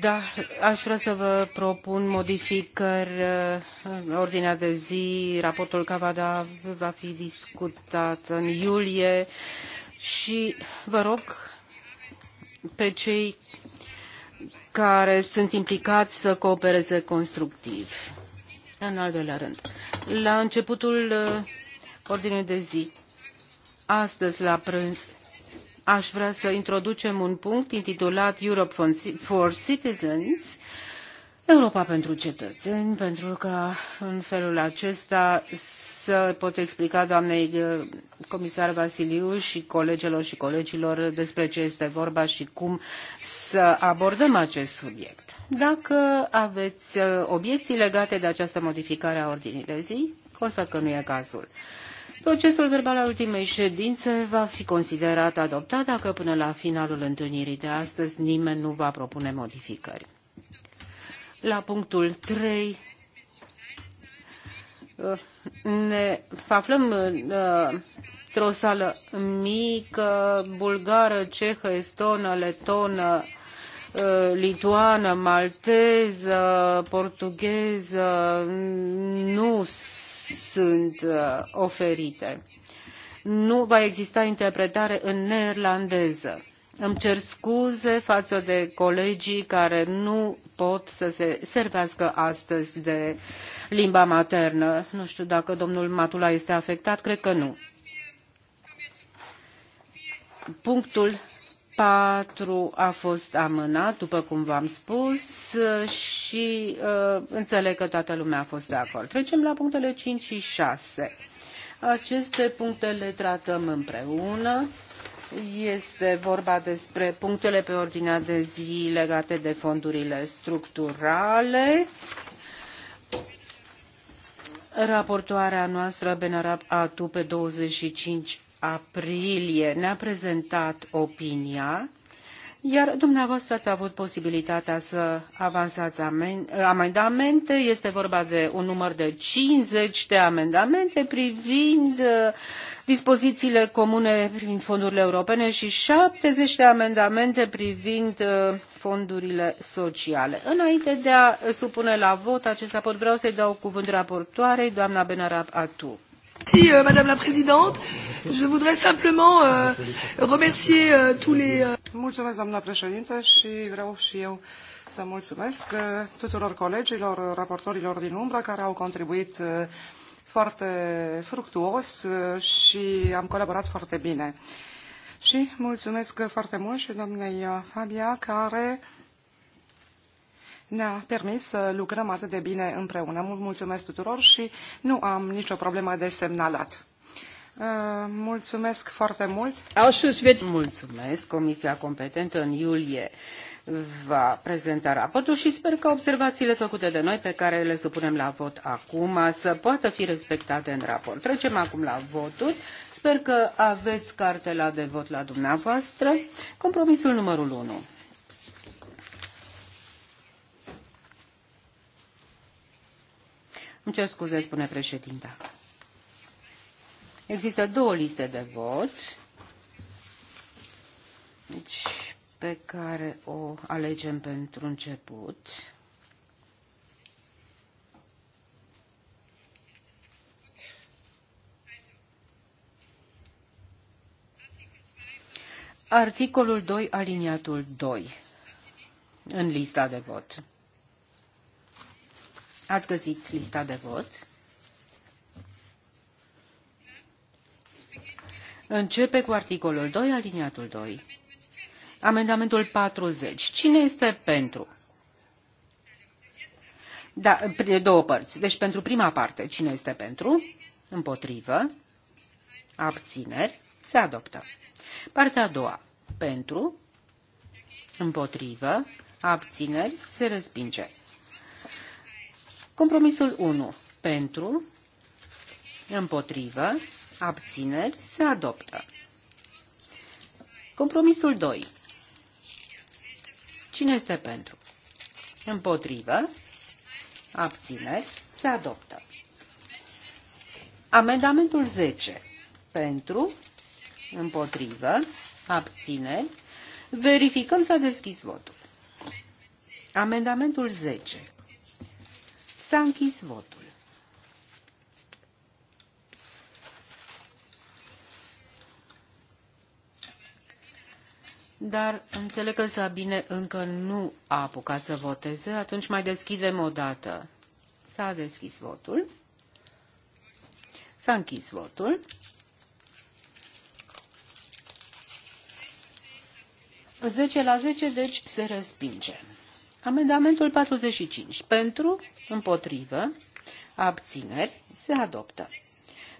Da, aș vrea să vă propun modificări uh, în ordinea de zi. Raportul Cavada va fi discutat în iulie și vă rog pe cei care sunt implicați să coopereze constructiv. În al doilea rând, la începutul uh, ordinei de zi, astăzi la prânz, aș vrea să introducem un punct intitulat Europe for Citizens, Europa pentru cetățeni, pentru că în felul acesta să pot explica doamnei uh, comisar Vasiliu și colegelor și colegilor despre ce este vorba și cum să abordăm acest subiect. Dacă aveți uh, obiecții legate de această modificare a ordinii de zi, constat că nu e cazul. Procesul verbal al ultimei ședințe va fi considerat adoptat dacă până la finalul întâlnirii de astăzi nimeni nu va propune modificări. La punctul 3 ne aflăm uh, într-o sală mică, bulgară, cehă, estonă, letonă, uh, lituană, malteză, portugheză, nu sunt uh, oferite. Nu va exista interpretare în neerlandeză. Îmi cer scuze față de colegii care nu pot să se servească astăzi de limba maternă. Nu știu dacă domnul Matula este afectat, cred că nu. Punctul 4 a fost amânat, după cum v-am spus, și uh, înțeleg că toată lumea a fost de acord. Trecem la punctele 5 și 6. Aceste puncte le tratăm împreună. Este vorba despre punctele pe ordinea de zi legate de fondurile structurale. Raportoarea noastră, Benarab Atu, pe 25 aprilie ne-a prezentat opinia, iar dumneavoastră ați avut posibilitatea să avansați amendamente. Este vorba de un număr de 50 de amendamente privind uh, dispozițiile comune privind fondurile europene și 70 de amendamente privind uh, fondurile sociale. Înainte de a supune la vot acest raport, vreau să-i dau cuvântul raportoarei, doamna Benarab Atu. Euh, Madame la Présidente. Je voudrais simplement euh, remercier euh, tous les. Mulțumesc, doamna președintă, și vreau și eu să mulțumesc uh, tuturor colegilor, uh, raportorilor din umbră care au contribuit uh, foarte fructuos și am colaborat foarte bine. Și mulțumesc foarte mult și doamnei Fabia, care ne-a permis să lucrăm atât de bine împreună. Mult mulțumesc tuturor și nu am nicio problemă de semnalat. Uh, mulțumesc foarte mult. Mulțumesc. Comisia competentă în iulie va prezenta raportul și sper că observațiile făcute de noi pe care le supunem la vot acum să poată fi respectate în raport. Trecem acum la voturi. Sper că aveți cartela de vot la dumneavoastră. Compromisul numărul 1. Îmi cer scuze, spune președinta. Există două liste de vot deci, pe care o alegem pentru început. Articolul 2, aliniatul 2, în lista de vot. Ați găsit lista de vot. Începe cu articolul 2, aliniatul 2. Amendamentul 40. Cine este pentru? Da, două părți. Deci pentru prima parte, cine este pentru? Împotrivă. Abțineri. Se adoptă. Partea a doua. Pentru. Împotrivă. Abțineri. Se respinge. Compromisul 1. Pentru, împotrivă, abțineri, se adoptă. Compromisul 2. Cine este pentru? Împotrivă, abțineri, se adoptă. Amendamentul 10. Pentru, împotrivă, abțineri, verificăm s-a deschis votul. Amendamentul 10. S-a închis votul. Dar înțeleg că Sabine încă nu a apucat să voteze, atunci mai deschidem o dată. S-a deschis votul. S-a închis votul. Zece la zece, deci se respinge. Amendamentul 45. Pentru, împotrivă, abțineri, se adoptă.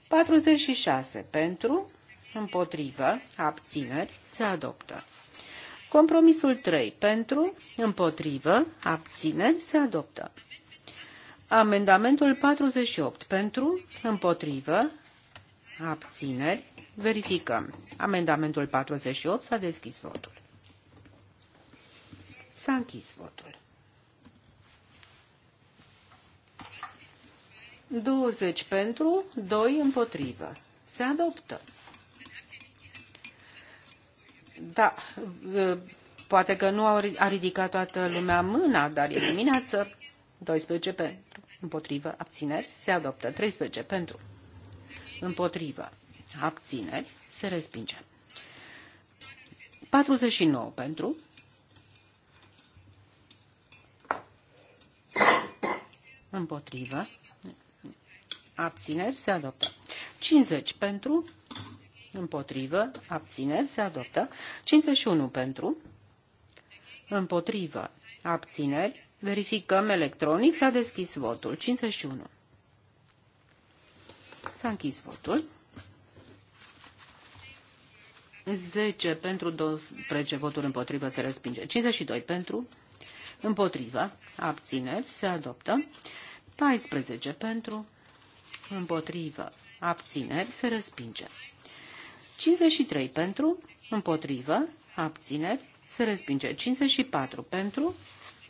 46. Pentru, împotrivă, abțineri, se adoptă. Compromisul 3. Pentru, împotrivă, abțineri, se adoptă. Amendamentul 48. Pentru, împotrivă, abțineri, verificăm. Amendamentul 48 s-a deschis votul. S-a închis votul. 20 pentru, 2 împotrivă. Se adoptă. Da, poate că nu a ridicat toată lumea mâna, dar e dimineață. 12 pentru, împotrivă, abțineri, se adoptă. 13 pentru, împotrivă, abțineri, se respinge. 49 pentru, Împotrivă. Abțineri se adoptă. 50 pentru. Împotrivă. Abțineri se adoptă. 51 pentru. Împotrivă. Abțineri. Verificăm electronic. S-a deschis votul. 51. S-a închis votul. 10 pentru 12 voturi împotrivă se respinge. 52 pentru Împotrivă. abțineri, se adoptă. 14 pentru, împotrivă, abțineri, se respinge. 53 pentru, împotrivă, abțineri, se respinge. 54 pentru,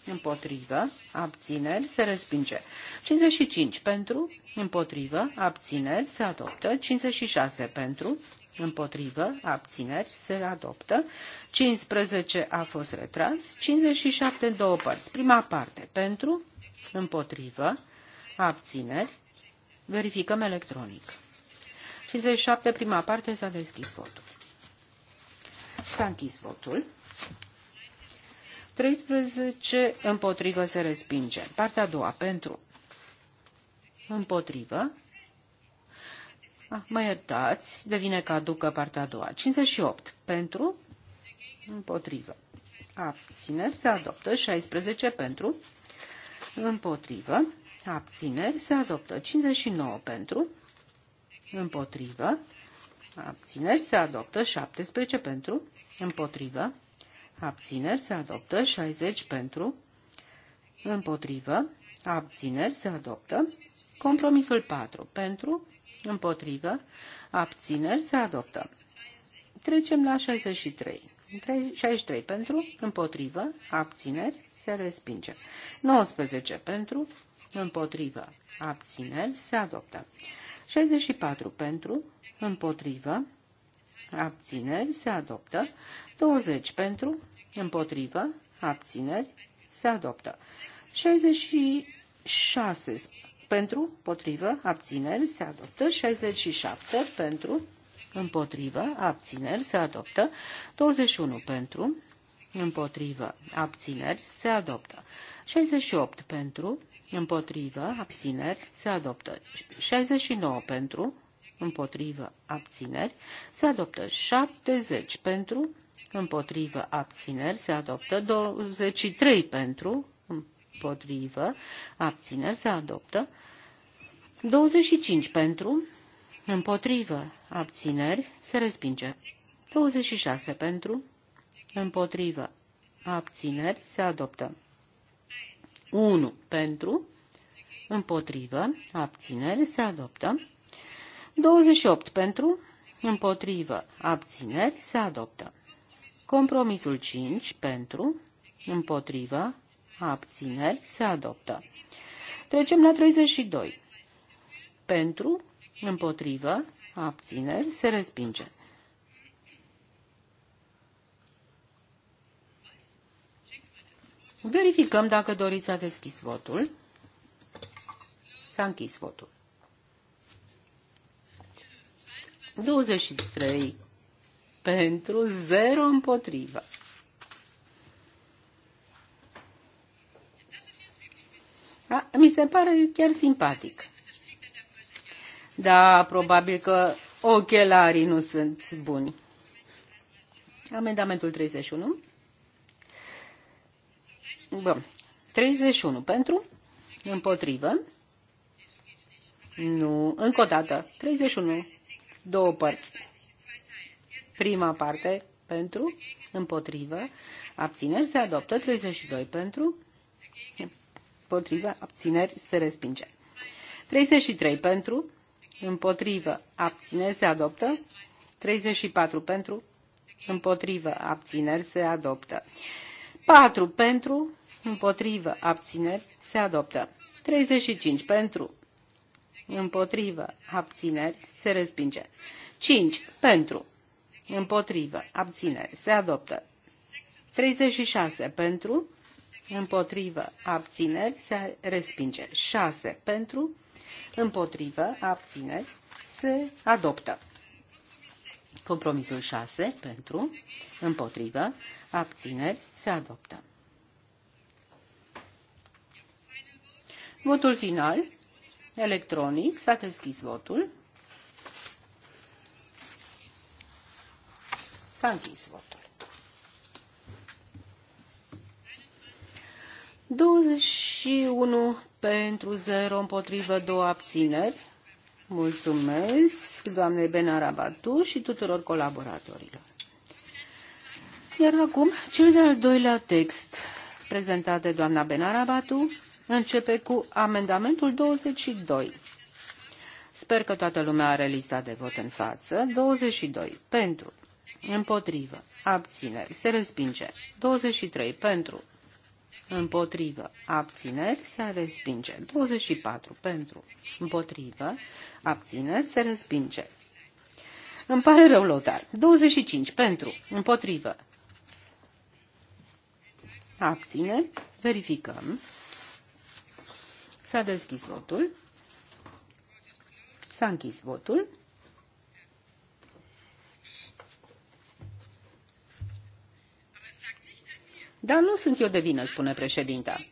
împotrivă, abțineri, se respinge. 55 pentru, împotrivă, abțineri, se adoptă. 56 pentru, Împotrivă, abțineri, se adoptă. 15 a fost retras. 57 în două părți. Prima parte pentru, împotrivă, abțineri. Verificăm electronic. 57, prima parte, s-a deschis votul. S-a închis votul. 13 împotrivă se respinge. Partea a doua pentru, împotrivă, Ah, mă iertați, devine caducă partea a doua. 58. Pentru, împotrivă. Abțineri se adoptă. 16 pentru, împotrivă. Abțineri se adoptă. 59 pentru, împotrivă. Abțineri se adoptă. 17 pentru, împotrivă. Abțineri se adoptă. 60 pentru, împotrivă. Abțineri se adoptă. Compromisul 4 pentru, Împotrivă. Abțineri se adoptă. Trecem la 63. 63 pentru, împotrivă, abțineri, se respinge. 19 pentru, împotrivă, abțineri, se adoptă. 64 pentru, împotrivă, abțineri, se adoptă. 20 pentru, împotrivă, abțineri, se adoptă. 66 pentru, potrivă, abțineri, se adoptă. 67 pentru, împotrivă, abțineri, se adoptă. 21 pentru, împotrivă, abțineri, se adoptă. 68 pentru, împotrivă, abțineri, se adoptă. 69 pentru, împotrivă, abțineri, se adoptă. 70 pentru, împotrivă, abțineri, se adoptă. 23 pentru, împotrivă, abțineri se adoptă. 25 pentru, împotrivă, abțineri se respinge. 26 pentru, împotrivă, abțineri se adoptă. 1 pentru, împotrivă, abțineri se adoptă. 28 pentru, împotrivă, abțineri se adoptă. Compromisul 5 pentru, împotrivă, abțineri, se adoptă. Trecem la 32. Pentru, împotrivă, abțineri, se respinge. Verificăm dacă doriți să deschis votul. S-a închis votul. 23 pentru 0 împotrivă. A, Mi se pare chiar simpatic. Da, probabil că ochelarii nu sunt buni. Amendamentul 31. Bun. 31 pentru, împotrivă. Nu, încă o dată. 31. Două părți. Prima parte pentru, împotrivă, abțineri se adoptă, 32 pentru, împotriva, abțineri, se respinge. 33 pentru, împotrivă, abțineri, se adoptă. 34 pentru, împotrivă, abțineri, se adoptă. 4 pentru, împotrivă, abțineri, se adoptă. 35 pentru, împotrivă, abțineri, se respinge. 5 pentru, împotrivă, abțineri, se adoptă. 36 pentru, împotrivă, abțineri, se respinge. 6 pentru, împotrivă, abțineri, se adoptă. Compromisul 6 pentru, împotrivă, abțineri, se adoptă. Votul final, electronic, s-a deschis votul. S-a închis votul. 21 pentru 0 împotrivă 2 abțineri. Mulțumesc doamnei Benarabatu și tuturor colaboratorilor. Iar acum, cel de-al doilea text prezentat de doamna Benarabatu începe cu amendamentul 22. Sper că toată lumea are lista de vot în față. 22. Pentru. Împotrivă. Abțineri. Se respinge. 23. Pentru împotrivă, abțineri, se respinge. 24 pentru, împotrivă, abțineri, se respinge. Îmi pare rău, Lothar. 25 pentru, împotrivă, Abține. verificăm. S-a deschis votul. S-a închis votul. Dar nu sunt eu de vină, spune președinta.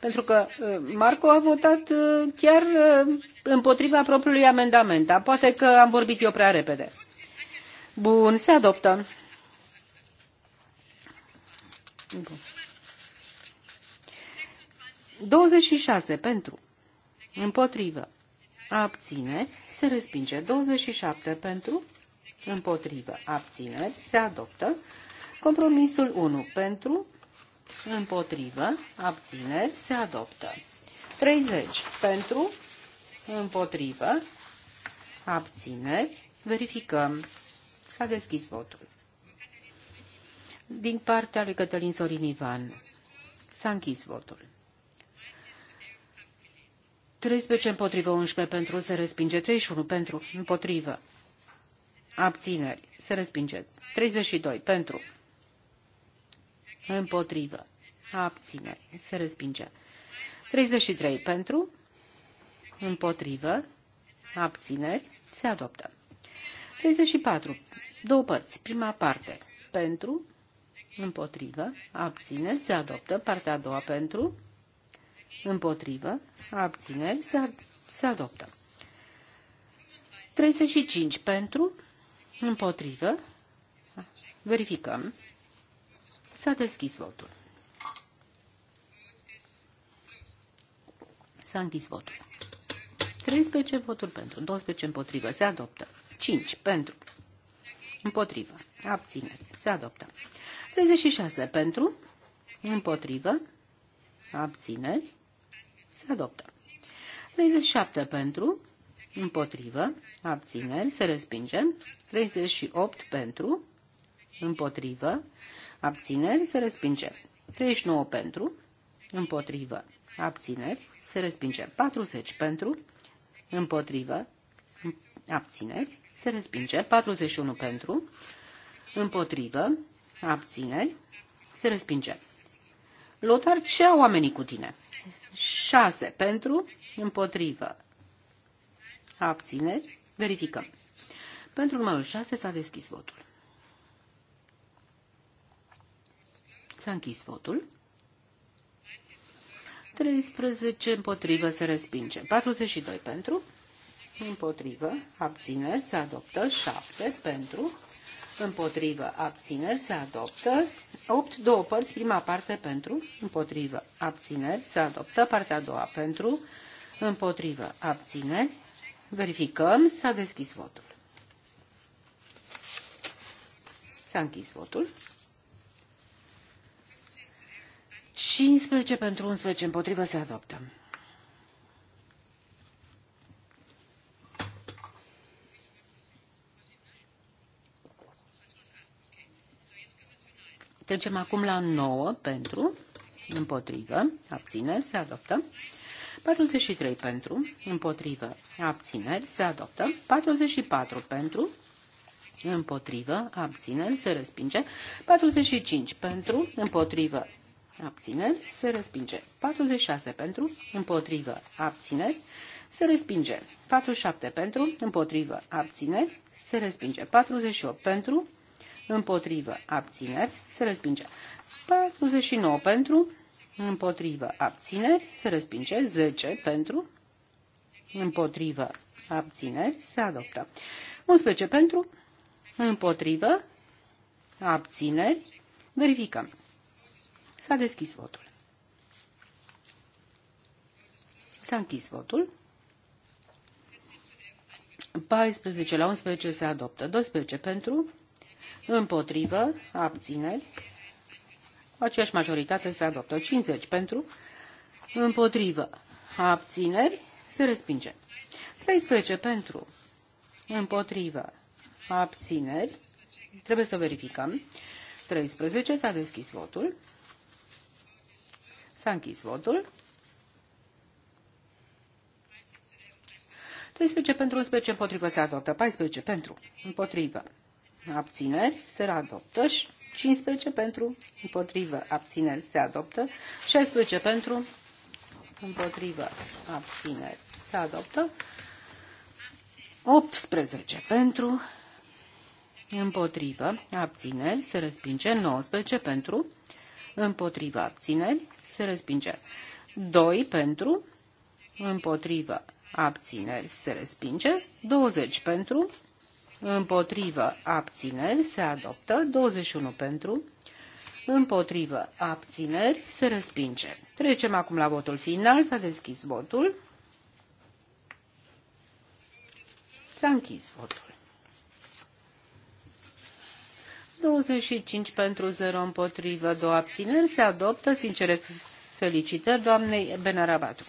Pentru că uh, Marco a votat uh, chiar uh, împotriva propriului amendament, dar poate că am vorbit eu prea repede. Bun, se adoptă. Bun. 26 pentru. Împotrivă. Abține. Se respinge. 27 pentru. Împotrivă. Abține. Se adoptă. Compromisul 1 pentru împotrivă, abțineri, se adoptă. 30 pentru, împotrivă, abțineri, verificăm. S-a deschis votul. Din partea lui Cătălin Sorin Ivan s-a închis votul. 13 împotrivă, 11 pentru, se respinge, 31 pentru, împotrivă, abțineri, se respinge, 32 pentru, Împotrivă. Abține. Se respinge. 33 pentru. Împotrivă. Abțineri. Se adoptă. 34. Două părți. Prima parte. Pentru. Împotrivă. Abțineri. Se adoptă. Partea a doua pentru. Împotrivă. Abțineri. Se, ad se adoptă. 35 pentru. Împotrivă. Verificăm. S-a deschis votul. S-a închis votul. 13 voturi pentru, 12 împotrivă. Se adoptă. 5 pentru, împotrivă. Abține. Se adoptă. 36 pentru, împotrivă. Abțineri. Se adoptă. 37 pentru, împotrivă. Abțineri. Se respinge. 38 pentru, împotrivă abțineri, se respinge. 39 pentru, împotrivă, abțineri, se respinge. 40 pentru, împotrivă, abțineri, se respinge. 41 pentru, împotrivă, abțineri, se respinge. Lotar, ce au oamenii cu tine? 6 pentru, împotrivă, abțineri, verificăm. Pentru numărul 6 s-a deschis votul. S-a închis votul. 13 împotrivă se respinge. 42 pentru. Împotrivă. Abțineri se adoptă. 7 pentru. Împotrivă. Abțineri se adoptă. 8. Două părți. Prima parte pentru. Împotrivă. Abțineri se adoptă. Partea a doua pentru. Împotrivă. Abțineri. Verificăm. S-a deschis votul. S-a închis votul. 15 pentru 11 împotrivă se adoptă. Trecem acum la 9 pentru, împotrivă, abțineri, se adoptă. 43 pentru, împotrivă, abțineri, se adoptă. 44 pentru, împotrivă, abțineri, se respinge. 45 pentru, împotrivă, abțineri, se respinge. 46 pentru, împotrivă, abțineri, se respinge. 47 pentru, împotrivă, abțineri, se respinge. 48 pentru, împotrivă, abțineri, se respinge. 49 pentru, împotrivă, abțineri, se respinge. 10 pentru, împotrivă, abțineri, se adoptă. 11 pentru, împotrivă, abțineri, verificăm. S-a deschis votul. S-a închis votul. 14 la 11 se adoptă. 12 pentru, împotrivă, abțineri. Aceeași majoritate se adoptă. 50 pentru, împotrivă, abțineri, se respinge. 13 pentru, împotrivă, abțineri. Trebuie să verificăm. 13 s-a deschis votul. S-a închis votul. 13 pentru 11 împotrivă se adoptă, 14 pentru împotrivă abțineri se adoptă, 15 pentru împotrivă abțineri se adoptă, 16 pentru împotrivă abțineri se adoptă, 18 pentru împotrivă abțineri se respinge, 19 pentru împotrivă abțineri se respinge. 2 pentru, împotrivă, abțineri, se respinge. 20 pentru, împotrivă, abțineri, se adoptă. 21 pentru, împotrivă, abțineri, se respinge. Trecem acum la votul final. S-a deschis votul. S-a închis votul. 25 pentru 0 împotrivă, 2 abțineri. Se adoptă. Sincere felicitări doamnei Benarabatu.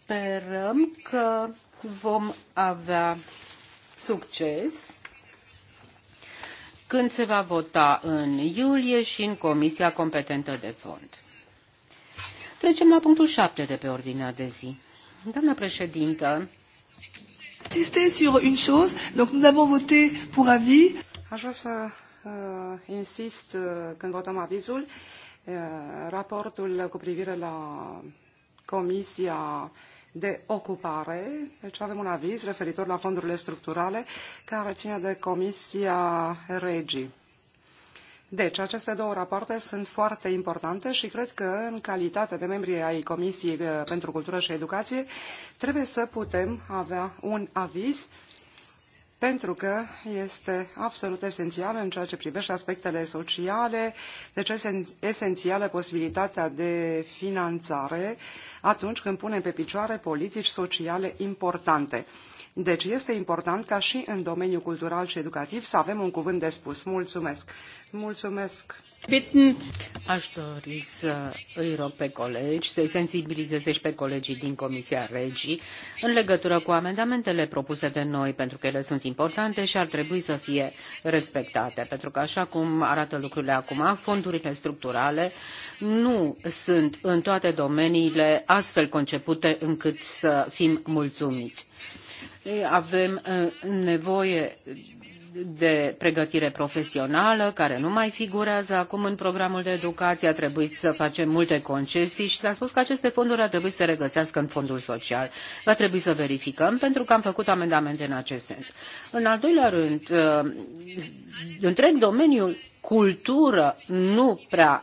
Sperăm că vom avea succes când se va vota în iulie și în comisia competentă de fond. Trecem la punctul 7 de pe ordinea de zi. Doamna președintă, insister sur une chose. Donc nous avons voté pour avis. Aș vrea să uh, insist uh, când votăm avizul. Uh, raportul cu privire la Comisia de ocupare, deci avem un aviz referitor la fondurile structurale care ține de Comisia Regii. Deci, aceste două rapoarte sunt foarte importante și cred că, în calitate de membri ai Comisiei uh, pentru Cultură și Educație, trebuie să putem avea un aviz pentru că este absolut esențial în ceea ce privește aspectele sociale, deci esențială posibilitatea de finanțare atunci când punem pe picioare politici sociale importante. Deci este important ca și în domeniul cultural și educativ să avem un cuvânt de spus. Mulțumesc! Mulțumesc! Aș dori să îi rog pe colegi să-i sensibilizeze și pe colegii din Comisia Regii în legătură cu amendamentele propuse de noi, pentru că ele sunt importante și ar trebui să fie respectate, pentru că așa cum arată lucrurile acum, fondurile structurale nu sunt în toate domeniile astfel concepute încât să fim mulțumiți avem nevoie de pregătire profesională, care nu mai figurează acum în programul de educație, a trebuit să facem multe concesii și s-a spus că aceste fonduri ar trebui să se regăsească în fondul social. Va trebui să verificăm, pentru că am făcut amendamente în acest sens. În al doilea rând, întreg domeniul cultură nu prea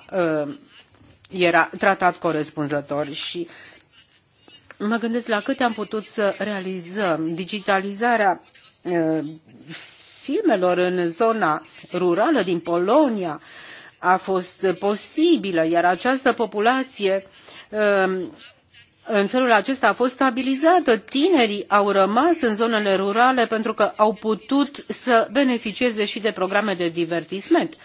era tratat corespunzător și uh, mă gândesc la câte am putut să realizăm. Digitalizarea filmelor în zona rurală din Polonia a fost posibilă, iar această populație în felul acesta a fost stabilizată. Tinerii au rămas în zonele rurale pentru că au putut să beneficieze și de programe de divertisment.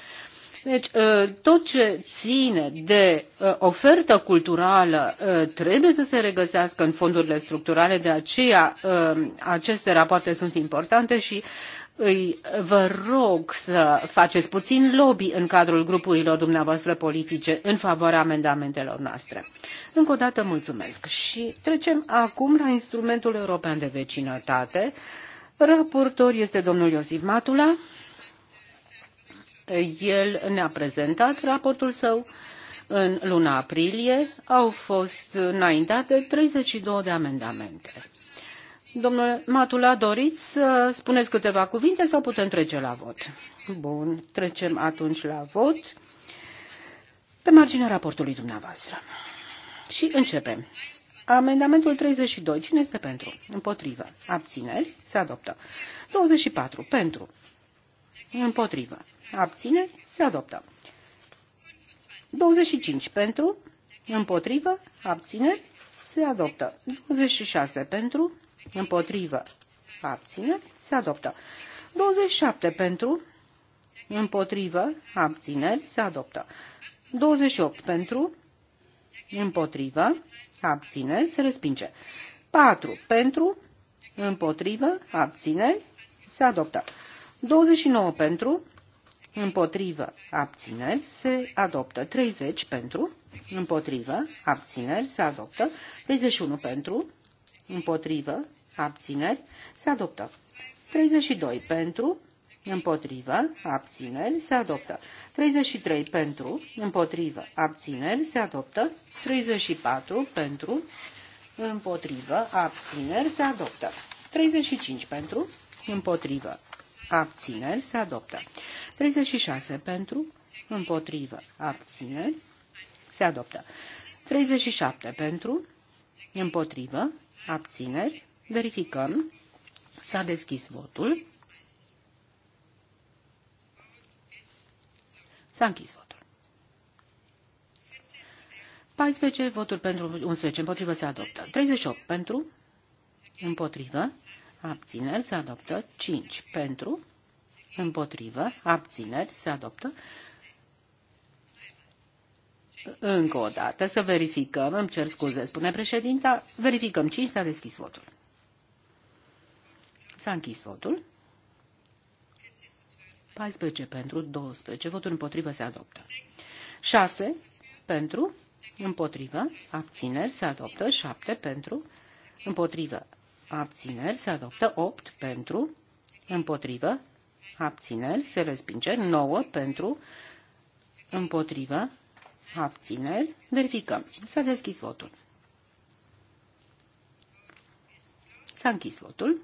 Deci, ă, tot ce ține de ă, ofertă culturală ă, trebuie să se regăsească în fondurile structurale, de aceea aceste rapoarte sunt importante și îi vă rog să faceți puțin lobby în cadrul grupurilor dumneavoastră politice în favoarea amendamentelor noastre. Încă o dată mulțumesc și trecem acum la instrumentul european de vecinătate. Raportor este domnul Iosif Matula. El ne-a prezentat raportul său în luna aprilie. Au fost înaintate 32 de amendamente. Domnule Matula, doriți să spuneți câteva cuvinte sau putem trece la vot? Bun, trecem atunci la vot pe marginea raportului dumneavoastră. Și începem. Amendamentul 32. Cine este pentru? Împotrivă. Abțineri? Se adoptă. 24. Pentru. Împotrivă abține, se adoptă. 25 pentru, împotrivă, abține, se adoptă. 26 pentru, împotrivă, abține, se adoptă. 27 pentru, împotrivă, abțineri, se adoptă. 28 pentru, împotrivă, abțineri, se respinge. 4 pentru, împotrivă, abțineri, se adoptă. 29 pentru, împotrivă, abțineri, se adoptă. 30 pentru, împotrivă, abțineri, se adoptă. 31 pentru, împotrivă, abțineri, se adoptă. 32 pentru, Împotrivă, abțineri, se adoptă. 33 pentru, împotrivă, abțineri, se adoptă. 34 pentru, împotrivă, abțineri, se adoptă. 35 pentru, împotrivă, abțineri, se adoptă. 36 pentru, împotrivă, abțineri, se adoptă. 37 pentru, împotrivă, abțineri, verificăm, s-a deschis votul, s-a închis votul. 14 voturi pentru, 11 împotrivă se adoptă. 38 pentru, împotrivă, abțineri se adoptă 5 pentru, împotrivă, abțineri se adoptă. Încă o dată să verificăm, îmi cer scuze, spune președinta, verificăm 5, s-a deschis votul. S-a închis votul. 14 pentru, 12 Votul împotrivă se adoptă. 6 pentru, împotrivă, abțineri se adoptă, 7 pentru, împotrivă, abțineri se adoptă, 8 pentru, împotrivă, abțineri se respinge, 9 pentru, împotrivă, abțineri, verificăm. S-a deschis votul. S-a închis votul.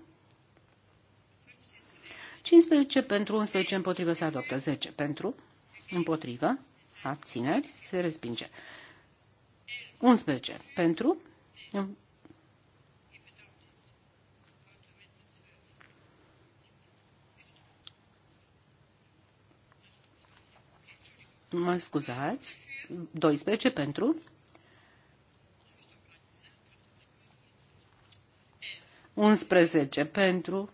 15 pentru, 11 împotrivă se adoptă, 10 pentru, împotrivă, abțineri, se respinge. 11 pentru, Mă scuzați. 12 pentru. Unsprezece pentru.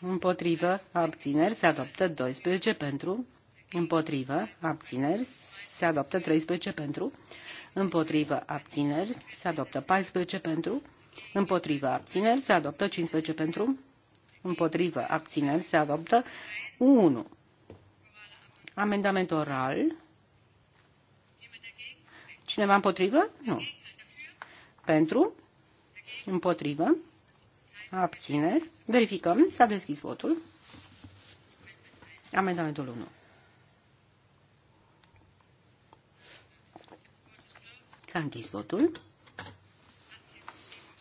Împotrivă. Abțineri. Se adoptă 12 pentru. Împotrivă. Abțineri. Se adoptă 13 pentru. Împotrivă. Abțineri. Se adoptă 14 pentru. Împotrivă. Abțineri. Se adoptă 15 pentru. Împotrivă. Abțineri. Se adoptă 1. Amendament oral Cineva împotrivă? Nu. Pentru? Împotrivă? Abține. Verificăm. S-a deschis votul. Amendamentul 1. S-a închis votul.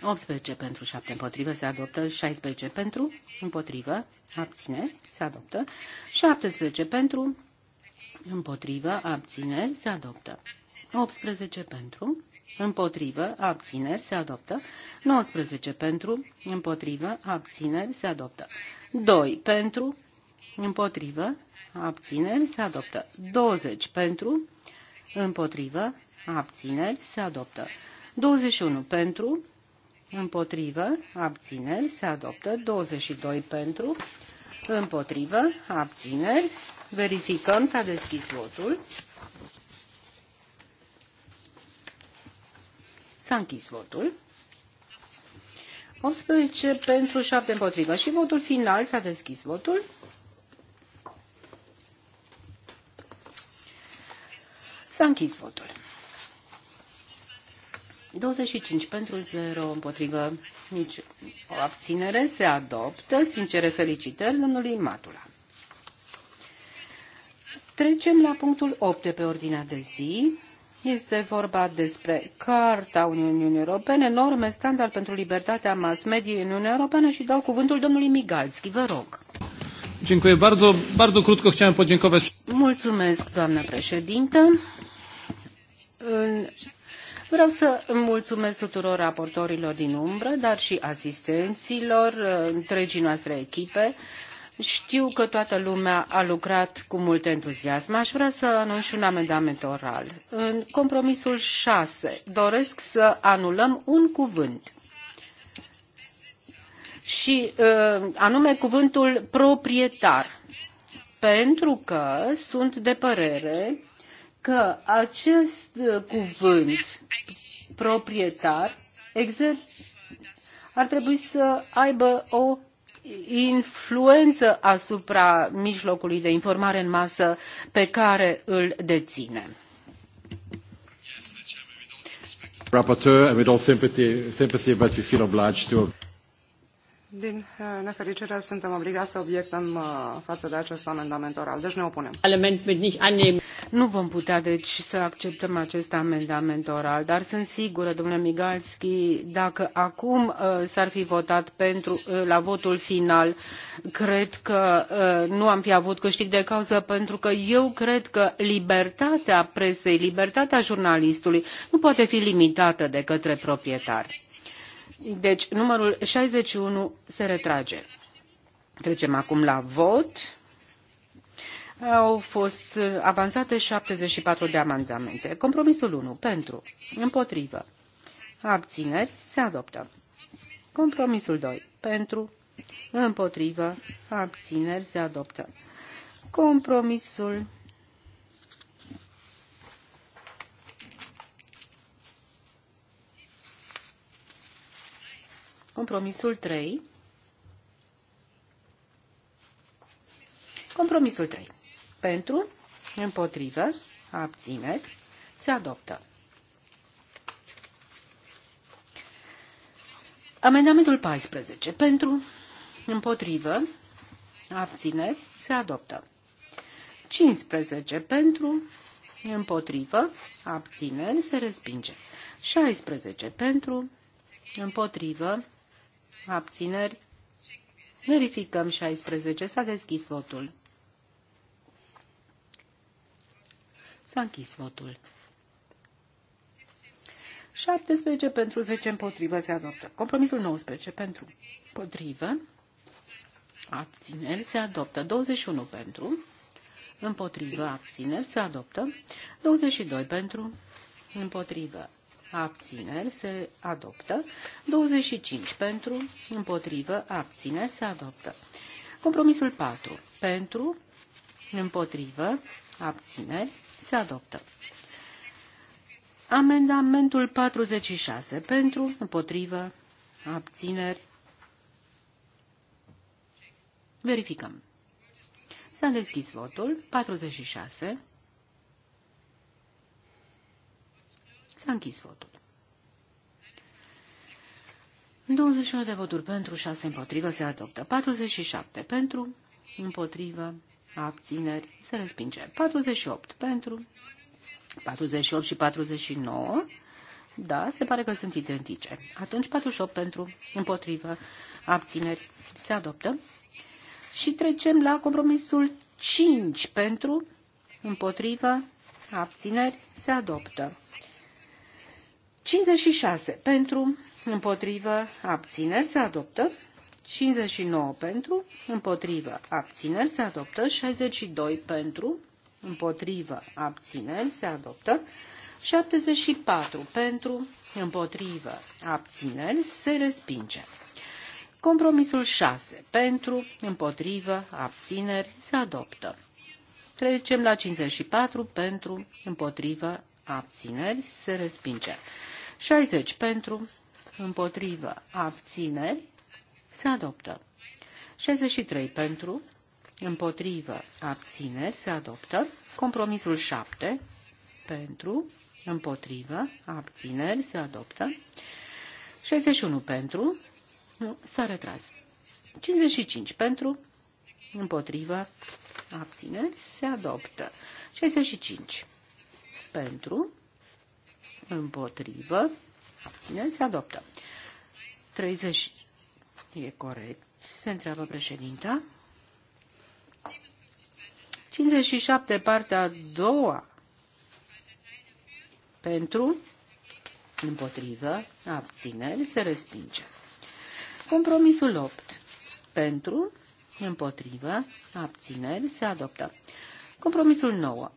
18 pentru 7 împotrivă se adoptă, 16 pentru împotrivă, abține, se adoptă, 17 pentru împotrivă, abține, se adoptă. 18 pentru, împotrivă, abțineri, se adoptă. 19 pentru, împotrivă, abțineri, se adoptă. 2 pentru, împotrivă, abțineri, se adoptă. 20 pentru, împotrivă, abțineri, se adoptă. 21 pentru, împotrivă, abțineri, se adoptă. 22 pentru, împotrivă, abțineri, verificăm, s-a deschis votul. S-a închis votul. 18 pentru 7 împotrivă. Și votul final s-a deschis votul. S-a închis votul. 25 pentru 0 împotrivă, nici o abținere se adoptă. Sincere felicitări domnului Matula. Trecem la punctul 8 de pe ordinea de zi. Este vorba despre Carta Uniunii Europene, norme standard pentru libertatea mass mediei în Uniunea Europeană și dau cuvântul domnului Migalski. Vă rog. Dziękuję bardzo. Bardzo krótko chciałem podziękować. Mulțumesc, doamnă președintă. Vreau să mulțumesc tuturor raportorilor din umbră, dar și asistenților întregii noastre echipe știu că toată lumea a lucrat cu mult entuziasm. Aș vrea să anunț și un amendament oral. În compromisul 6 doresc să anulăm un cuvânt și uh, anume cuvântul proprietar, pentru că sunt de părere că acest uh, cuvânt proprietar exer- ar trebui să aibă o influență asupra mijlocului de informare în masă pe care îl deține. Rapporteur, and with all sympathy, sympathy, but we feel obliged to. Din eh, nefericire, suntem obligați să obiectăm eh, față de acest amendament oral, deci ne opunem. Nu vom putea, deci, să acceptăm acest amendament oral, dar sunt sigură, domnule Migalski, dacă acum eh, s-ar fi votat pentru, la votul final, cred că nu am fi avut câștig de cauză, pentru că eu cred că libertatea presei, libertatea jurnalistului nu poate fi limitată de către proprietari deci numărul 61 se retrage. Trecem acum la vot. Au fost avansate 74 de amendamente. Compromisul 1 pentru, împotrivă, abțineri, se adoptă. Compromisul 2 pentru, împotrivă, abțineri, se adoptă. Compromisul Compromisul 3. Compromisul 3. Pentru, împotrivă, abțineri, se adoptă. Amendamentul 14. Pentru, împotrivă, abțineri, se adoptă. 15. Pentru, împotrivă, abțineri, se respinge. 16. Pentru, împotrivă, abțineri, verificăm 16, s-a deschis votul. S-a închis votul. 17 pentru 10 împotrivă se adoptă. Compromisul 19 pentru împotrivă. Abțineri se adoptă. 21 pentru. Împotrivă abțineri se adoptă. 22 pentru. Împotrivă abțineri se adoptă, 25 pentru, împotrivă, abțineri se adoptă. Compromisul 4 pentru, împotrivă, abțineri se adoptă. Amendamentul 46 pentru, împotrivă, abțineri. Verificăm. S-a deschis votul 46. S-a închis votul. 21 de voturi pentru, 6 împotrivă, se adoptă. 47 pentru, împotrivă, abțineri, se respinge. 48 pentru, 48 și 49, da, se pare că sunt identice. Atunci 48 pentru, împotrivă, abțineri, se adoptă. Și trecem la compromisul 5 pentru, împotrivă, abțineri, se adoptă. 56 pentru, împotrivă, abțineri se adoptă. 59 pentru, împotrivă, abțineri se adoptă. 62 pentru, împotrivă, abțineri se adoptă. 74 pentru, împotrivă, abțineri se respinge. Compromisul 6 pentru, împotrivă, abțineri se adoptă. Trecem la 54 pentru, împotrivă, abțineri se respinge. 60 pentru, împotrivă, abțineri, se adoptă. 63 pentru, împotrivă, abțineri, se adoptă. Compromisul 7 pentru, împotrivă, abțineri, se adoptă. 61 pentru, s-a retras. 55 pentru, împotrivă, abțineri, se adoptă. 65 pentru, împotrivă, Bine, se adoptă. 30 e corect, se întreabă președinta. 57, partea a doua, pentru, împotrivă, abțineri, se respinge. Compromisul 8, pentru, împotrivă, abțineri, se adoptă. Compromisul 9,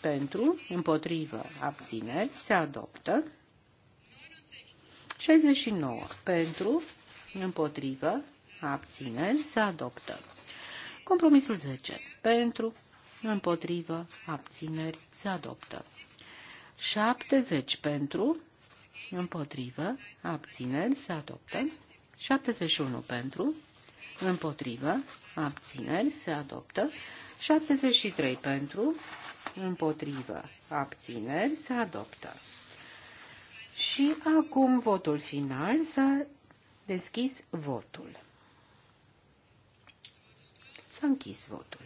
pentru, împotrivă, abțineri, se adoptă. 69 pentru, împotrivă, abțineri, se adoptă. Compromisul 10 pentru, împotrivă, abțineri, se adoptă. 70 pentru, împotrivă, abțineri, se adoptă. 71 pentru, împotrivă, abțineri, se adoptă. 73 pentru, împotrivă, abțineri, se adoptă. Și acum votul final, s-a deschis votul. S-a închis votul.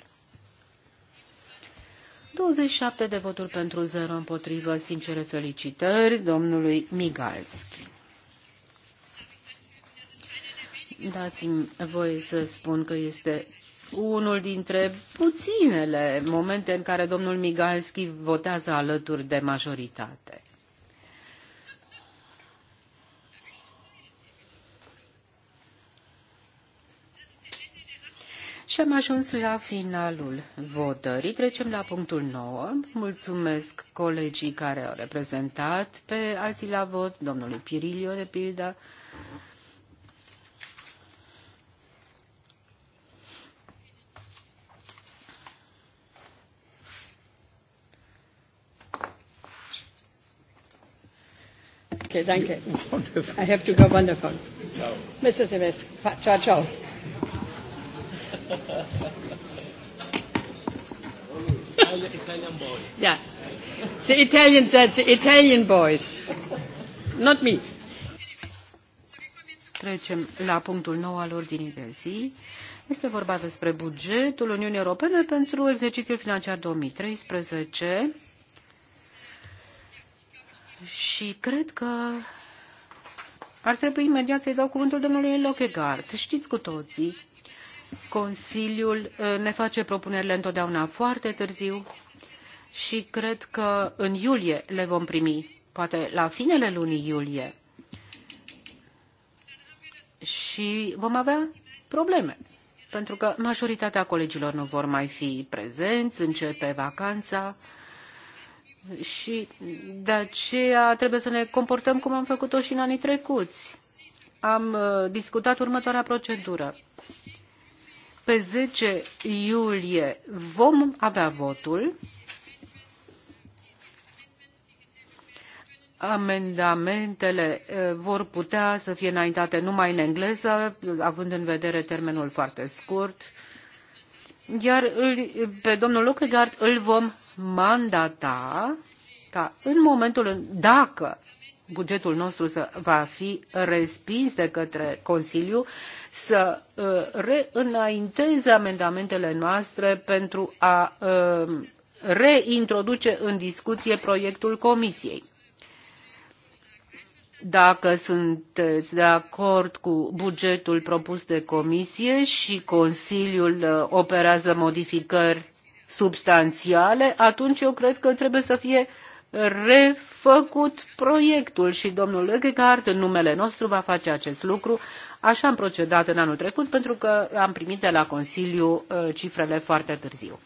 27 de voturi pentru 0 împotrivă, sincere felicitări domnului Migalski. Dați-mi voie să spun că este unul dintre puținele momente în care domnul Migalski votează alături de majoritate. Și am ajuns la finalul votării. Trecem la punctul 9. Mulțumesc colegii care au reprezentat pe alții la vot, domnului Pirilio, de pildă. Okay, danke. Wonderful. I have to go wonderful. Ciao. Mr. Silvestri, ciao, ciao. Italian boy. Yeah. The Italians are the Italian boys. Not me. Trecem la punctul nou al ordinii de zi. Este vorba despre bugetul Uniunii Europene pentru exercițiul financiar 2013. Și cred că ar trebui imediat să-i dau cuvântul domnului Lochegard. Știți cu toții, Consiliul uh, ne face propunerile întotdeauna foarte târziu și cred că în iulie le vom primi, poate la finele lunii iulie. Și vom avea probleme, pentru că majoritatea colegilor nu vor mai fi prezenți, începe vacanța. Uh, și de aceea trebuie să ne comportăm cum am făcut-o și în anii trecuți. Am uh, discutat următoarea procedură. Pe 10 iulie vom avea votul. Amendamentele uh, vor putea să fie înaintate numai în engleză, având în vedere termenul foarte scurt. Iar pe domnul Lucregard îl vom mandata ca în momentul în, dacă bugetul nostru să, va fi respins de către Consiliu, să uh, reînainteze amendamentele noastre pentru a uh, reintroduce în discuție proiectul Comisiei. Dacă sunteți de acord cu bugetul propus de Comisie și Consiliul uh, operează modificări substanțiale, atunci eu cred că trebuie să fie refăcut proiectul și domnul Legegaard în numele nostru va face acest lucru. Așa am procedat în anul trecut pentru că am primit de la Consiliu uh, cifrele foarte târziu.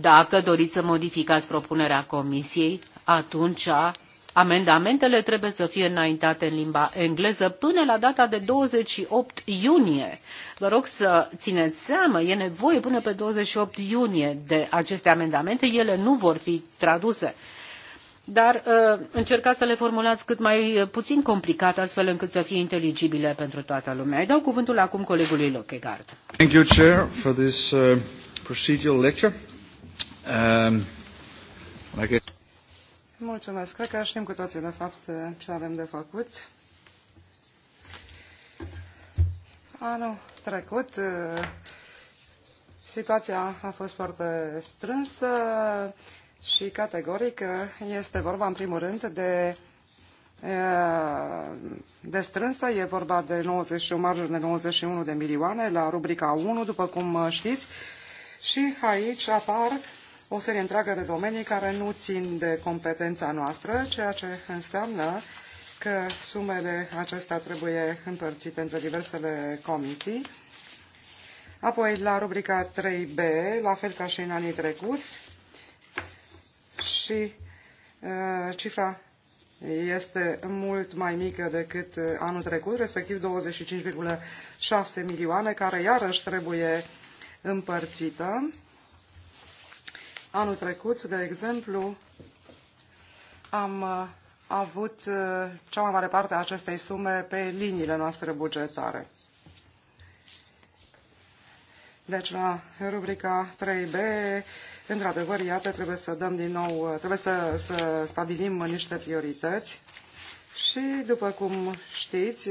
Dacă doriți să modificați propunerea Comisiei, atunci Amendamentele trebuie să fie înaintate în limba engleză până la data de 28 iunie. Vă rog să țineți seama, e nevoie până pe 28 iunie de aceste amendamente, ele nu vor fi traduse dar uh, încercați să le formulați cât mai uh, puțin complicat, astfel încât să fie inteligibile pentru toată lumea. Îi dau cuvântul acum colegului Lockegaard. Thank you, Chair, for this uh, procedural lecture. Um, like Mulțumesc. Cred că știm cu toții, de fapt, ce avem de făcut. Anul trecut, eh, situația a fost foarte strânsă și categoric eh, este vorba, în primul rând, de eh, de strânsă, e vorba de 90, o marjă de 91 de milioane la rubrica 1, după cum știți, și aici apar o serie întreagă de domenii care nu țin de competența noastră, ceea ce înseamnă că sumele acestea trebuie împărțite între diversele comisii. Apoi, la rubrica 3B, la fel ca și în anii trecuți, și e, uh, cifra este mult mai mică decât uh, anul trecut, respectiv 25,6 milioane, care iarăși trebuie împărțită. Anul trecut, de exemplu, am uh, avut uh, cea mai mare parte a acestei sume pe liniile noastre bugetare. Deci, la rubrica 3B, într-adevăr, iată, trebuie să dăm din nou, uh, trebuie să, să stabilim niște priorități și, după cum știți,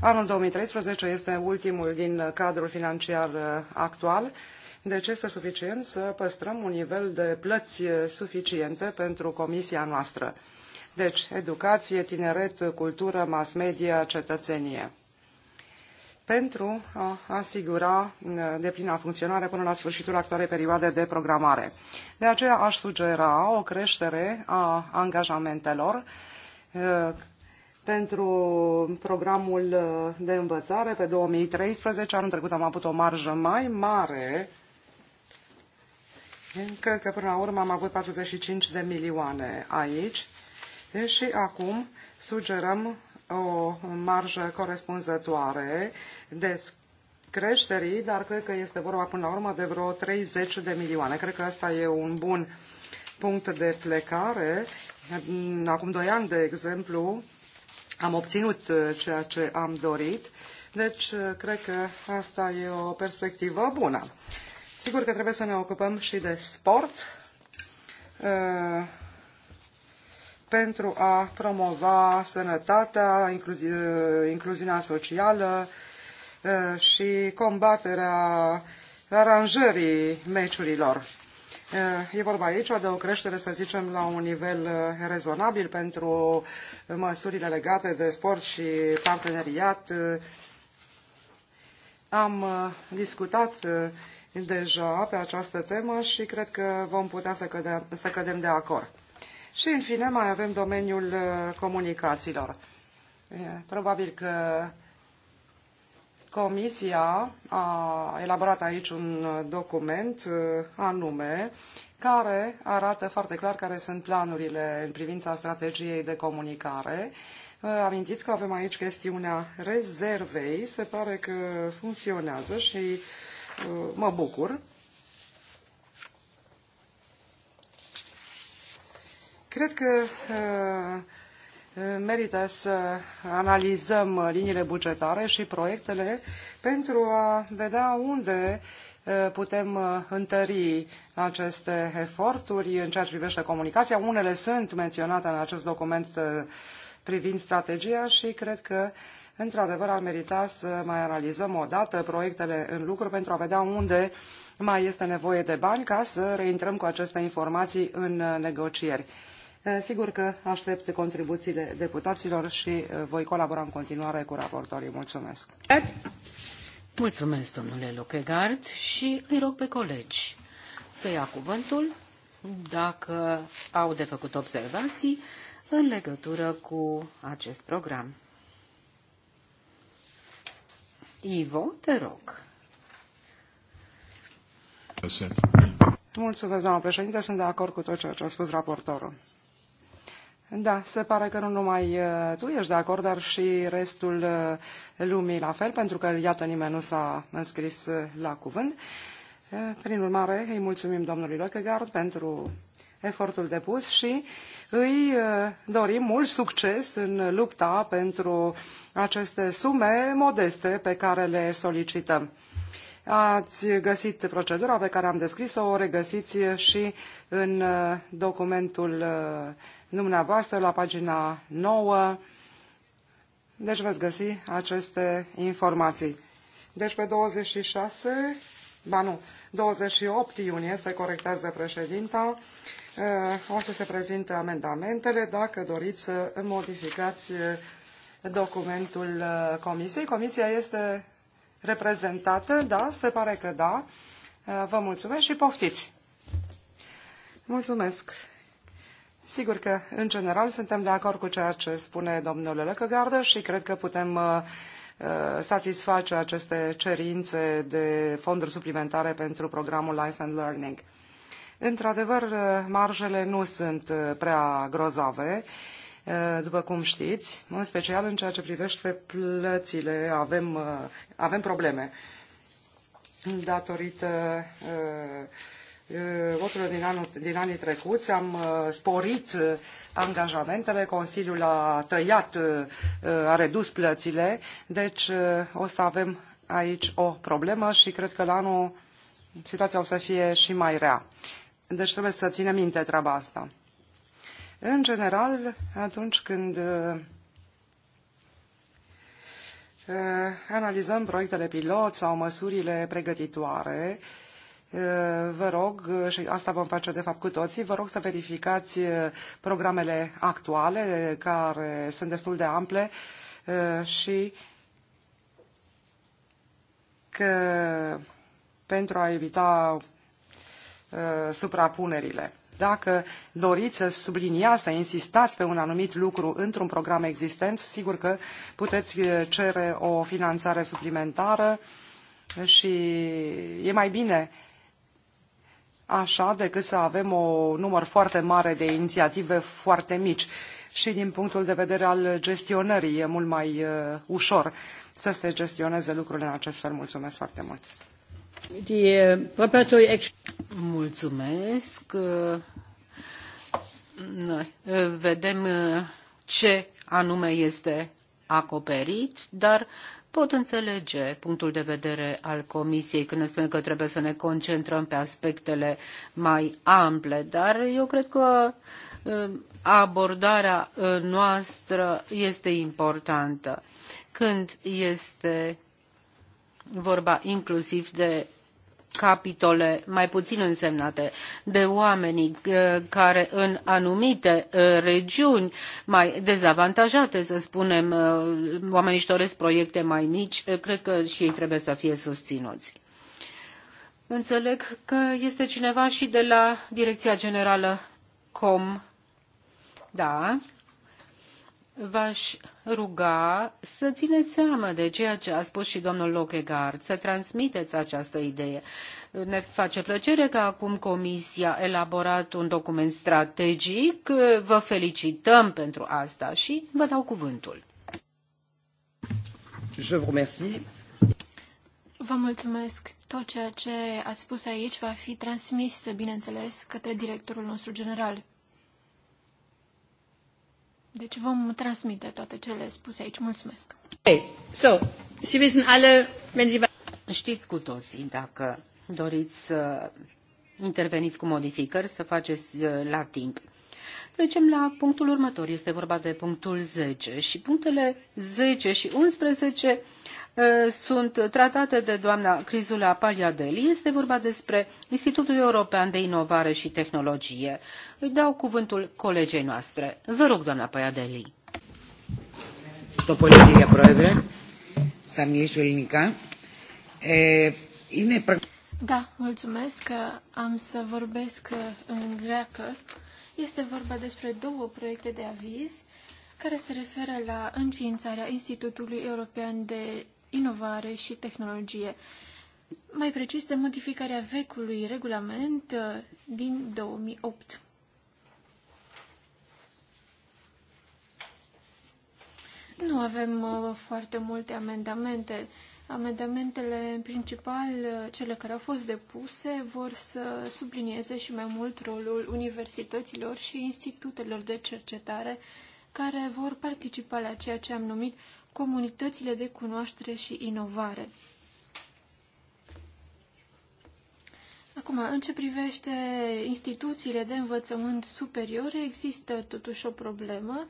anul 2013 este ultimul din cadrul financiar actual deci este suficient să păstrăm un nivel de plăți suficiente pentru comisia noastră. Deci, educație, tineret, cultură, mass media, cetățenie pentru a asigura uh, deplina funcționare până la sfârșitul actualei perioade de programare. De aceea aș sugera o creștere a angajamentelor uh, pentru programul uh, de învățare pe 2013. Anul trecut am avut o marjă mai mare încă că până la urmă am avut 45 de milioane aici și acum sugerăm o marjă corespunzătoare de creșterii, dar cred că este vorba până la urmă de vreo 30 de milioane. Cred că asta e un bun punct de plecare. Acum 2 ani, de exemplu, am obținut ceea ce am dorit, deci cred că asta e o perspectivă bună. Sigur că trebuie să ne ocupăm și de sport uh, pentru a promova sănătatea, uh, incluziunea socială uh, și combaterea aranjării meciurilor. E vorba aici de o creștere, să zicem, la un nivel rezonabil pentru măsurile legate de sport și parteneriat. Am discutat deja pe această temă și cred că vom putea să cădem, să cădem de acord. Și, în fine, mai avem domeniul uh, comunicațiilor. Probabil că Comisia a elaborat aici un uh, document uh, anume care arată foarte clar care sunt planurile în privința strategiei de comunicare. Amintiți că avem aici chestiunea rezervei, se pare că funcționează și mă bucur. Cred că uh, uh, merită să analizăm uh, liniile bugetare și proiectele pentru a vedea unde putem întări aceste eforturi în ceea ce privește comunicația. Unele sunt menționate în acest document privind strategia și cred că uh, într-adevăr ar merita să mai analizăm o dată proiectele în lucru pentru a vedea unde mai este nevoie de bani ca să reintrăm cu aceste informații în negocieri. Eh, sigur că aștept contribuțiile deputaților și eh, voi colabora în continuare cu raportorii. Mulțumesc! Mulțumesc, domnule Lochegard, și îi rog pe colegi să ia cuvântul dacă au de făcut observații în legătură cu acest program. Ivo, te rog. Mulțumesc, doamna președinte. Sunt de acord cu tot ceea ce a spus raportorul. Da, se pare că nu numai uh, tu ești de acord, dar și restul uh, lumii la fel, pentru că, iată, nimeni nu s-a înscris uh, la cuvânt. Prin urmare, îi mulțumim domnului Lockegaard pentru efortul depus și uh, îi uh, dorim mult succes în lupta pentru aceste sume modeste pe care le solicităm. Ați găsit procedura pe care am descris-o, o regăsiți și în uh, documentul uh, dumneavoastră la pagina 9. Deci veți găsi aceste informații. Deci pe 26, ba nu, 28 iunie se corectează președinta, Eh, o să se prezinte amendamentele dacă doriți să modificați eh, documentul eh, comisiei. Comisia este reprezentată, da, se pare că da. Vă mulțumesc și poftiți! Mulțumesc! Sigur că, în general, suntem de acord cu ceea ce spune domnul Lăcăgardă și cred că putem satisface aceste cerințe de fonduri suplimentare pentru programul Life and Learning. Într-adevăr, uh, marjele nu sunt uh, prea grozave, uh, după cum știți, în special în ceea ce privește plățile avem, avem probleme datorită voturilor din, anul, din anii trecuți, am sporit angajamentele, Consiliul a tăiat, a redus plățile, deci o să avem aici o problemă și cred că la anul situația o să fie și mai rea. Deci trebuie să ținem minte treaba asta. În general, atunci când uh, analizăm proiectele pilot sau măsurile pregătitoare, uh, vă rog, uh, și asta vom face de fapt cu toții, vă rog să verificați programele actuale, care sunt destul de ample și că pentru a evita Uh, suprapunerile. Dacă doriți să subliniați, să insistați pe un anumit lucru într-un program existent, sigur că puteți uh, cere o finanțare suplimentară și e mai bine așa decât să avem un număr foarte mare de inițiative foarte mici. Și din punctul de vedere al gestionării e mult mai uh, ușor să se gestioneze lucrurile în acest fel. Mulțumesc foarte mult! Äh, Mulțumesc. Noi eh, vedem eh, ce anume este acoperit, dar pot înțelege punctul de vedere al Comisiei când ne spune că trebuie să ne concentrăm pe aspectele mai ample, dar eu cred că eh, abordarea noastră este importantă. Când este vorba inclusiv de capitole mai puțin însemnate de oamenii uh, care în anumite uh, regiuni mai dezavantajate, să spunem, uh, oamenii își doresc proiecte mai mici, cred că și ei trebuie să fie susținuți. Înțeleg că este cineva și de la Direcția Generală Com. Da. V-aș ruga să țineți seama de ceea ce a spus și domnul Lockegard, să transmiteți această idee. Ne face plăcere că acum Comisia a elaborat un document strategic. Vă felicităm pentru asta și vă dau cuvântul. Je vous remercie. Vă mulțumesc. Tot ceea ce ați spus aici va fi transmis, bineînțeles, către directorul nostru general. Deci vom transmite toate cele spuse aici. Mulțumesc. so, Sie wissen alle, wenn Sie... Știți cu toții, dacă doriți să interveniți cu modificări, să faceți uh, la timp. Trecem la punctul următor. Este vorba de punctul 10 și punctele 10 și 11 Uh, sunt tratate de doamna Crizula Paliadeli. Este vorba despre Institutul European de Inovare și Tehnologie. Îi dau cuvântul colegei noastre. Vă rog, doamna Paliadeli. Da, mulțumesc că am să vorbesc în greacă. Este vorba despre două proiecte de aviz care se referă la înființarea Institutului European de inovare și tehnologie. Mai precis de modificarea vecului regulament uh, din 2008. Nu avem uh, foarte multe amendamente. Amendamentele, în principal, uh, cele care au fost depuse, vor să sublinieze și mai mult rolul universităților și institutelor de cercetare care vor participa la ceea ce am numit comunitățile de cunoaștere și inovare. Acum, în ce privește instituțiile de învățământ superior, există totuși o problemă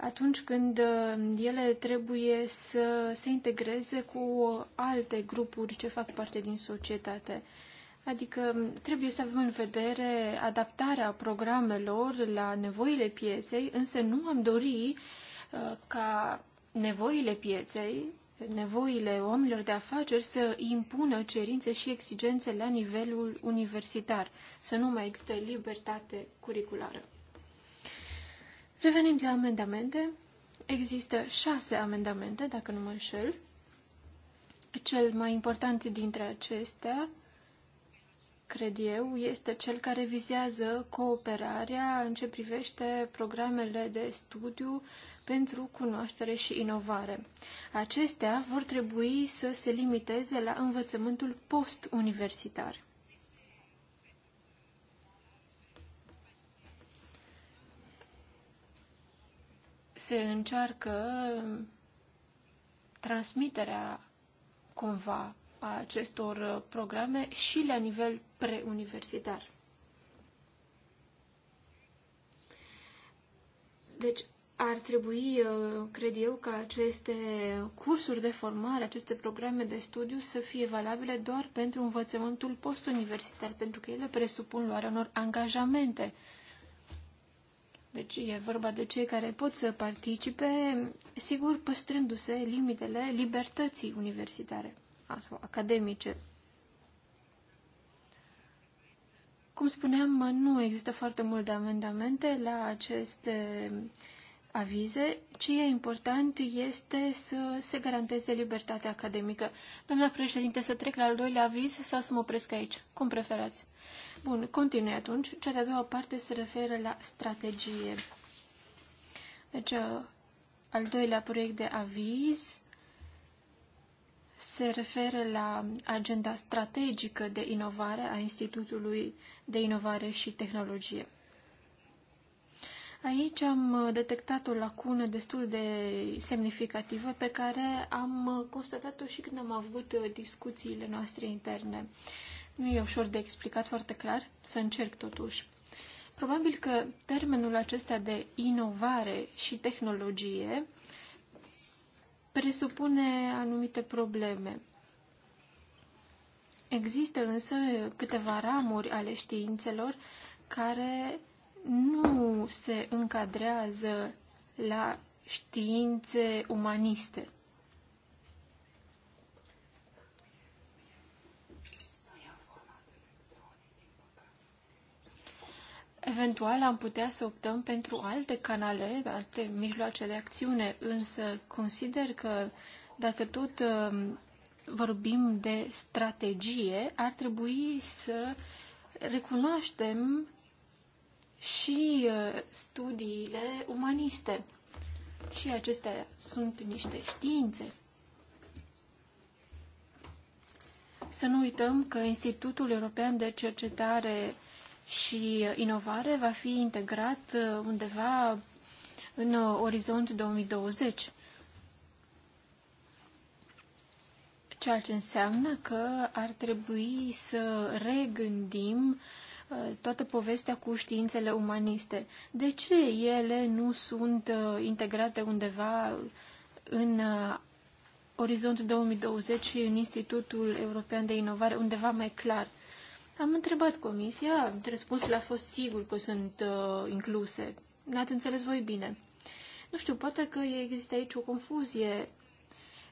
atunci când uh, ele trebuie să se integreze cu alte grupuri ce fac parte din societate. Adică um, trebuie să avem în vedere adaptarea programelor la nevoile pieței, însă nu am dori uh, ca nevoile pieței, nevoile oamenilor de afaceri să impună cerințe și exigențe la nivelul universitar, să nu mai existe libertate curriculară. Revenind la amendamente, există șase amendamente, dacă nu mă înșel. Cel mai important dintre acestea, cred eu, este cel care vizează cooperarea în ce privește programele de studiu pentru cunoaștere și inovare. Acestea vor trebui să se limiteze la învățământul post-universitar. Se încearcă transmiterea cumva a acestor uh, programe și la nivel preuniversitar. Deci, ar trebui, uh, cred eu, ca aceste cursuri de formare, aceste programe de studiu să fie valabile doar pentru învățământul postuniversitar, pentru că ele presupun luarea unor angajamente. Deci e vorba de cei care pot să participe, sigur păstrându-se limitele libertății universitare sau academice. Cum spuneam, nu există foarte multe amendamente la aceste uh, avize, ce e important este să se garanteze libertatea academică. Doamna președinte, să trec la al doilea aviz sau să mă opresc aici? Cum preferați? Bun, continui atunci. Cea de-a doua parte se referă la strategie. Deci, uh, al doilea proiect de aviz se referă la agenda strategică de inovare a Institutului de Inovare și Tehnologie. Aici am uh, detectat o lacună destul de semnificativă pe care am uh, constatat-o și când am avut uh, discuțiile noastre interne. Nu e ușor de explicat foarte clar, să încerc totuși. Probabil că termenul acesta de inovare și tehnologie presupune anumite probleme. Există însă câteva ramuri ale științelor care nu se încadrează la științe umaniste. Eventual am putea să optăm pentru alte canale, alte mijloace de acțiune, însă consider că dacă tot um, vorbim de strategie, ar trebui să recunoaștem și uh, studiile umaniste. Și acestea sunt niște științe. Să nu uităm că Institutul European de Cercetare și Inovare va fi integrat uh, undeva în uh, orizont 2020. Ceea ce înseamnă că ar trebui să regândim uh, Uh, toată povestea cu științele umaniste. De ce ele nu sunt uh, integrate undeva în uh, Orizont 2020 și în Institutul European de Inovare, undeva mai clar? Am întrebat comisia, răspunsul a fost sigur că sunt uh, incluse. N-ați înțeles voi bine. Nu știu, poate că există aici o confuzie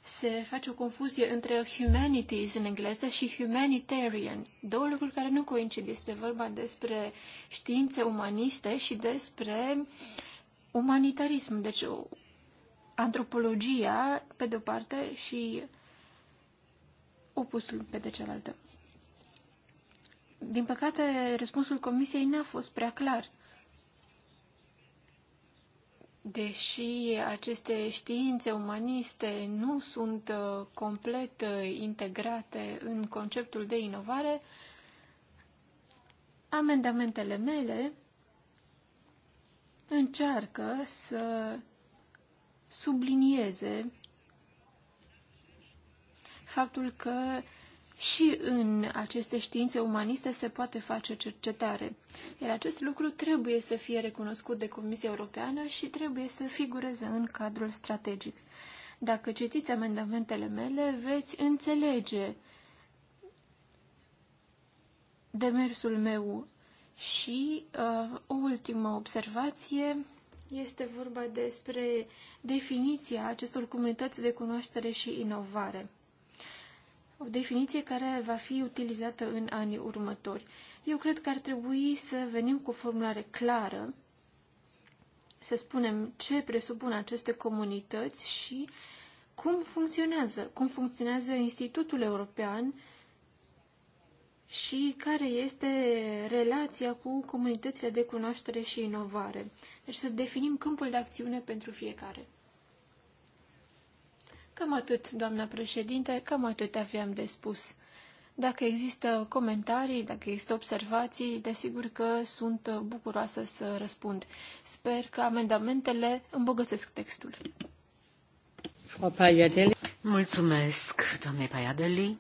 se face o confuzie între humanities în engleză și humanitarian, două lucruri care nu coincid. Este vorba despre științe umaniste și despre umanitarism, deci antropologia pe de-o parte și opusul pe de cealaltă. Din păcate, răspunsul comisiei n-a fost prea clar deși aceste științe umaniste nu sunt uh, complet uh, integrate în conceptul de inovare, amendamentele mele încearcă să sublinieze faptul că și în aceste științe umaniste se poate face cercetare. Iar acest lucru trebuie să fie recunoscut de Comisia Europeană și trebuie să figureze în cadrul strategic. Dacă citiți amendamentele mele, veți înțelege demersul meu. Și uh, o ultimă observație este vorba despre definiția acestor comunități de cunoaștere și inovare o definiție care va fi utilizată în anii următori. Eu cred că ar trebui să venim cu o formulare clară, să spunem ce presupun aceste comunități și cum funcționează, cum funcționează Institutul European și care este relația cu comunitățile de cunoaștere și inovare. Deci să definim câmpul de acțiune pentru fiecare. Cam atât, doamna președinte, cam atât aveam de spus. Dacă există comentarii, dacă există observații, desigur că sunt bucuroasă să răspund. Sper că amendamentele îmbogățesc textul. Mulțumesc, doamnei Paiadeli.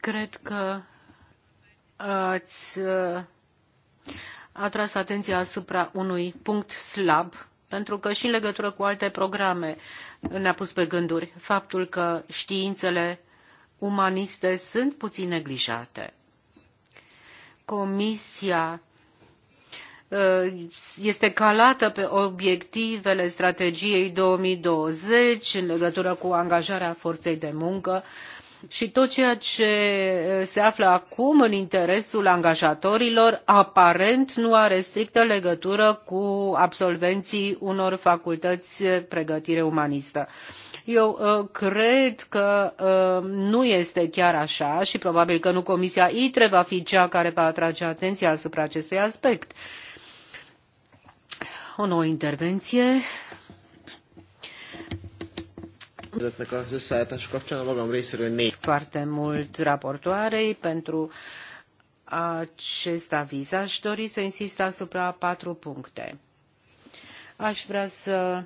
Cred că ați uh, atras atenția asupra unui punct slab pentru că și în legătură cu alte programe ne-a pus pe gânduri faptul că științele umaniste sunt puțin neglijate. Comisia uh, este calată pe obiectivele strategiei 2020 în legătură cu angajarea forței de muncă și tot ceea ce uh, se află acum în interesul angajatorilor aparent nu are strictă legătură cu absolvenții unor facultăți uh, pregătire umanistă. Eu uh, cred că uh, nu este chiar așa și probabil că nu Comisia ITRE va fi cea care va atrage atenția asupra acestui aspect. O nouă intervenție Ezeknek kapcsán a magam részéről négy. Foarte mult raportoarei pentru acest aviz. Aș dori să insist asupra patru puncte. Aș vrea să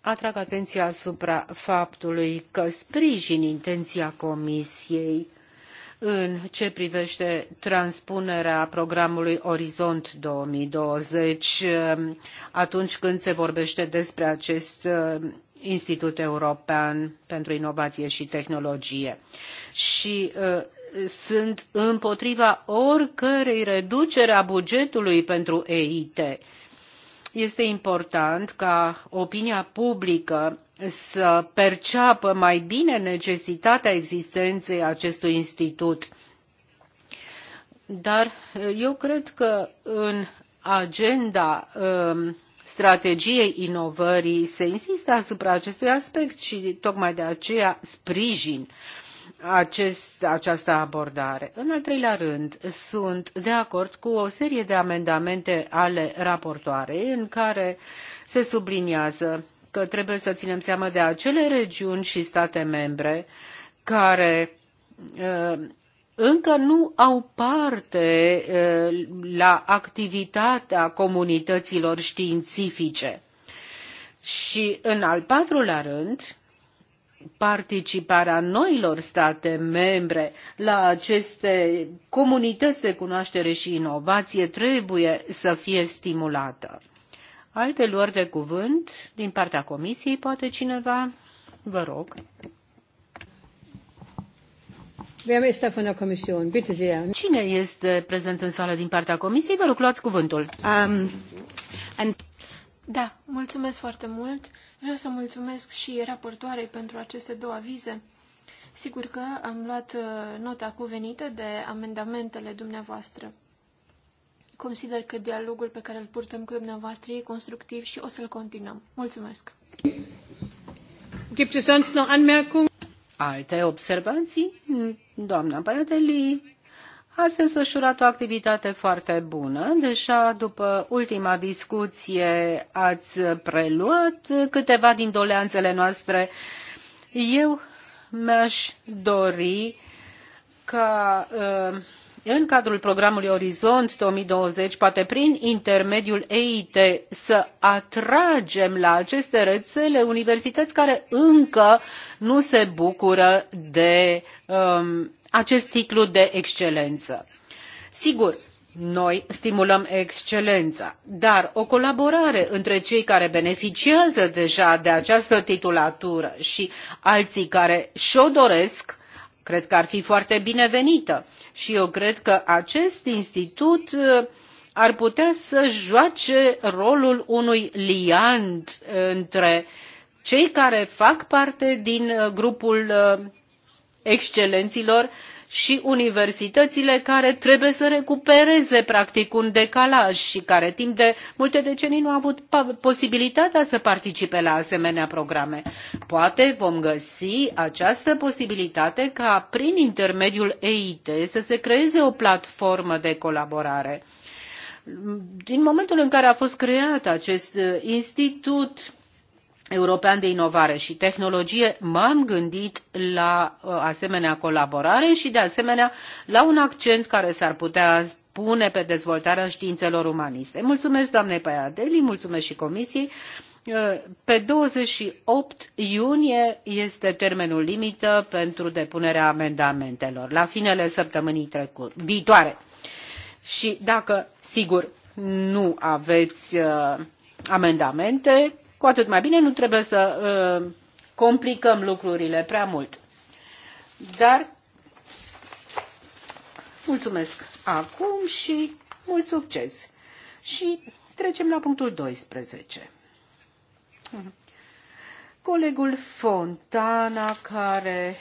atrag atenția asupra faptului că sprijin intenția Comisiei în ce privește transpunerea programului Orizont 2020 um, atunci când se vorbește despre acest um, Institut European pentru Inovație și Tehnologie. Și uh, sunt împotriva oricărei reduceri a bugetului pentru EIT. Este important ca opinia publică să perceapă mai bine necesitatea existenței acestui institut. Dar uh, eu cred că în agenda um, strategiei inovării se insistă asupra acestui aspect și tocmai de aceea sprijin acest, această abordare. În al treilea rând, sunt de acord cu o serie de amendamente ale raportoarei în care se subliniază că trebuie să ținem seama de acele regiuni și state membre care uh, încă nu au parte la activitatea comunităților științifice. Și în al patrulea rând, participarea noilor state membre la aceste comunități de cunoaștere și inovație trebuie să fie stimulată. Alte luări de cuvânt din partea Comisiei, poate cineva? Vă rog. Cine este prezent în sală din partea Comisiei? Vă rog, luați cuvântul. Um, da, mulțumesc foarte mult. Vreau să mulțumesc și raportoarei pentru aceste două avize. Sigur că am luat uh, nota cuvenită de amendamentele dumneavoastră. Consider că dialogul pe care îl purtăm cu dumneavoastră e constructiv și o să-l continuăm. Mulțumesc! Gibt es sonst noch Anmerkungen? Alte observații? Doamna Baiateli ați desfășurat o activitate foarte bună. Deja după ultima discuție ați preluat câteva din doleanțele noastre. Eu mi-aș dori ca uh, în cadrul programului Orizont 2020, poate prin intermediul EIT, să atragem la aceste rețele universități care încă nu se bucură de um, acest titlu de excelență. Sigur, noi stimulăm excelența, dar o colaborare între cei care beneficiază deja de această titulatură și alții care și-o doresc cred că ar fi foarte binevenită și eu cred că acest institut uh, ar putea să joace rolul unui liant uh, între cei care fac parte din uh, grupul excelenților și universitățile care trebuie să recupereze practic un decalaj și care timp de multe decenii nu au avut posibilitatea să participe la asemenea programe. Poate vom găsi această posibilitate ca prin intermediul EIT să se creeze o platformă de colaborare. Din momentul în care a fost creat acest uh, institut, European de Inovare și Tehnologie, m-am gândit la uh, asemenea colaborare și, de asemenea, la un accent care s-ar putea pune pe dezvoltarea științelor umaniste. Mulțumesc doamnei Paiadeli, mulțumesc și Comisiei. Uh, pe 28 iunie este termenul limită pentru depunerea amendamentelor, la finele săptămânii trecut, viitoare. Și dacă, sigur, nu aveți uh, amendamente, cu atât mai bine, nu trebuie să uh, complicăm lucrurile prea mult. Dar mulțumesc acum și mult succes. Și trecem la punctul 12. Colegul Fontana, care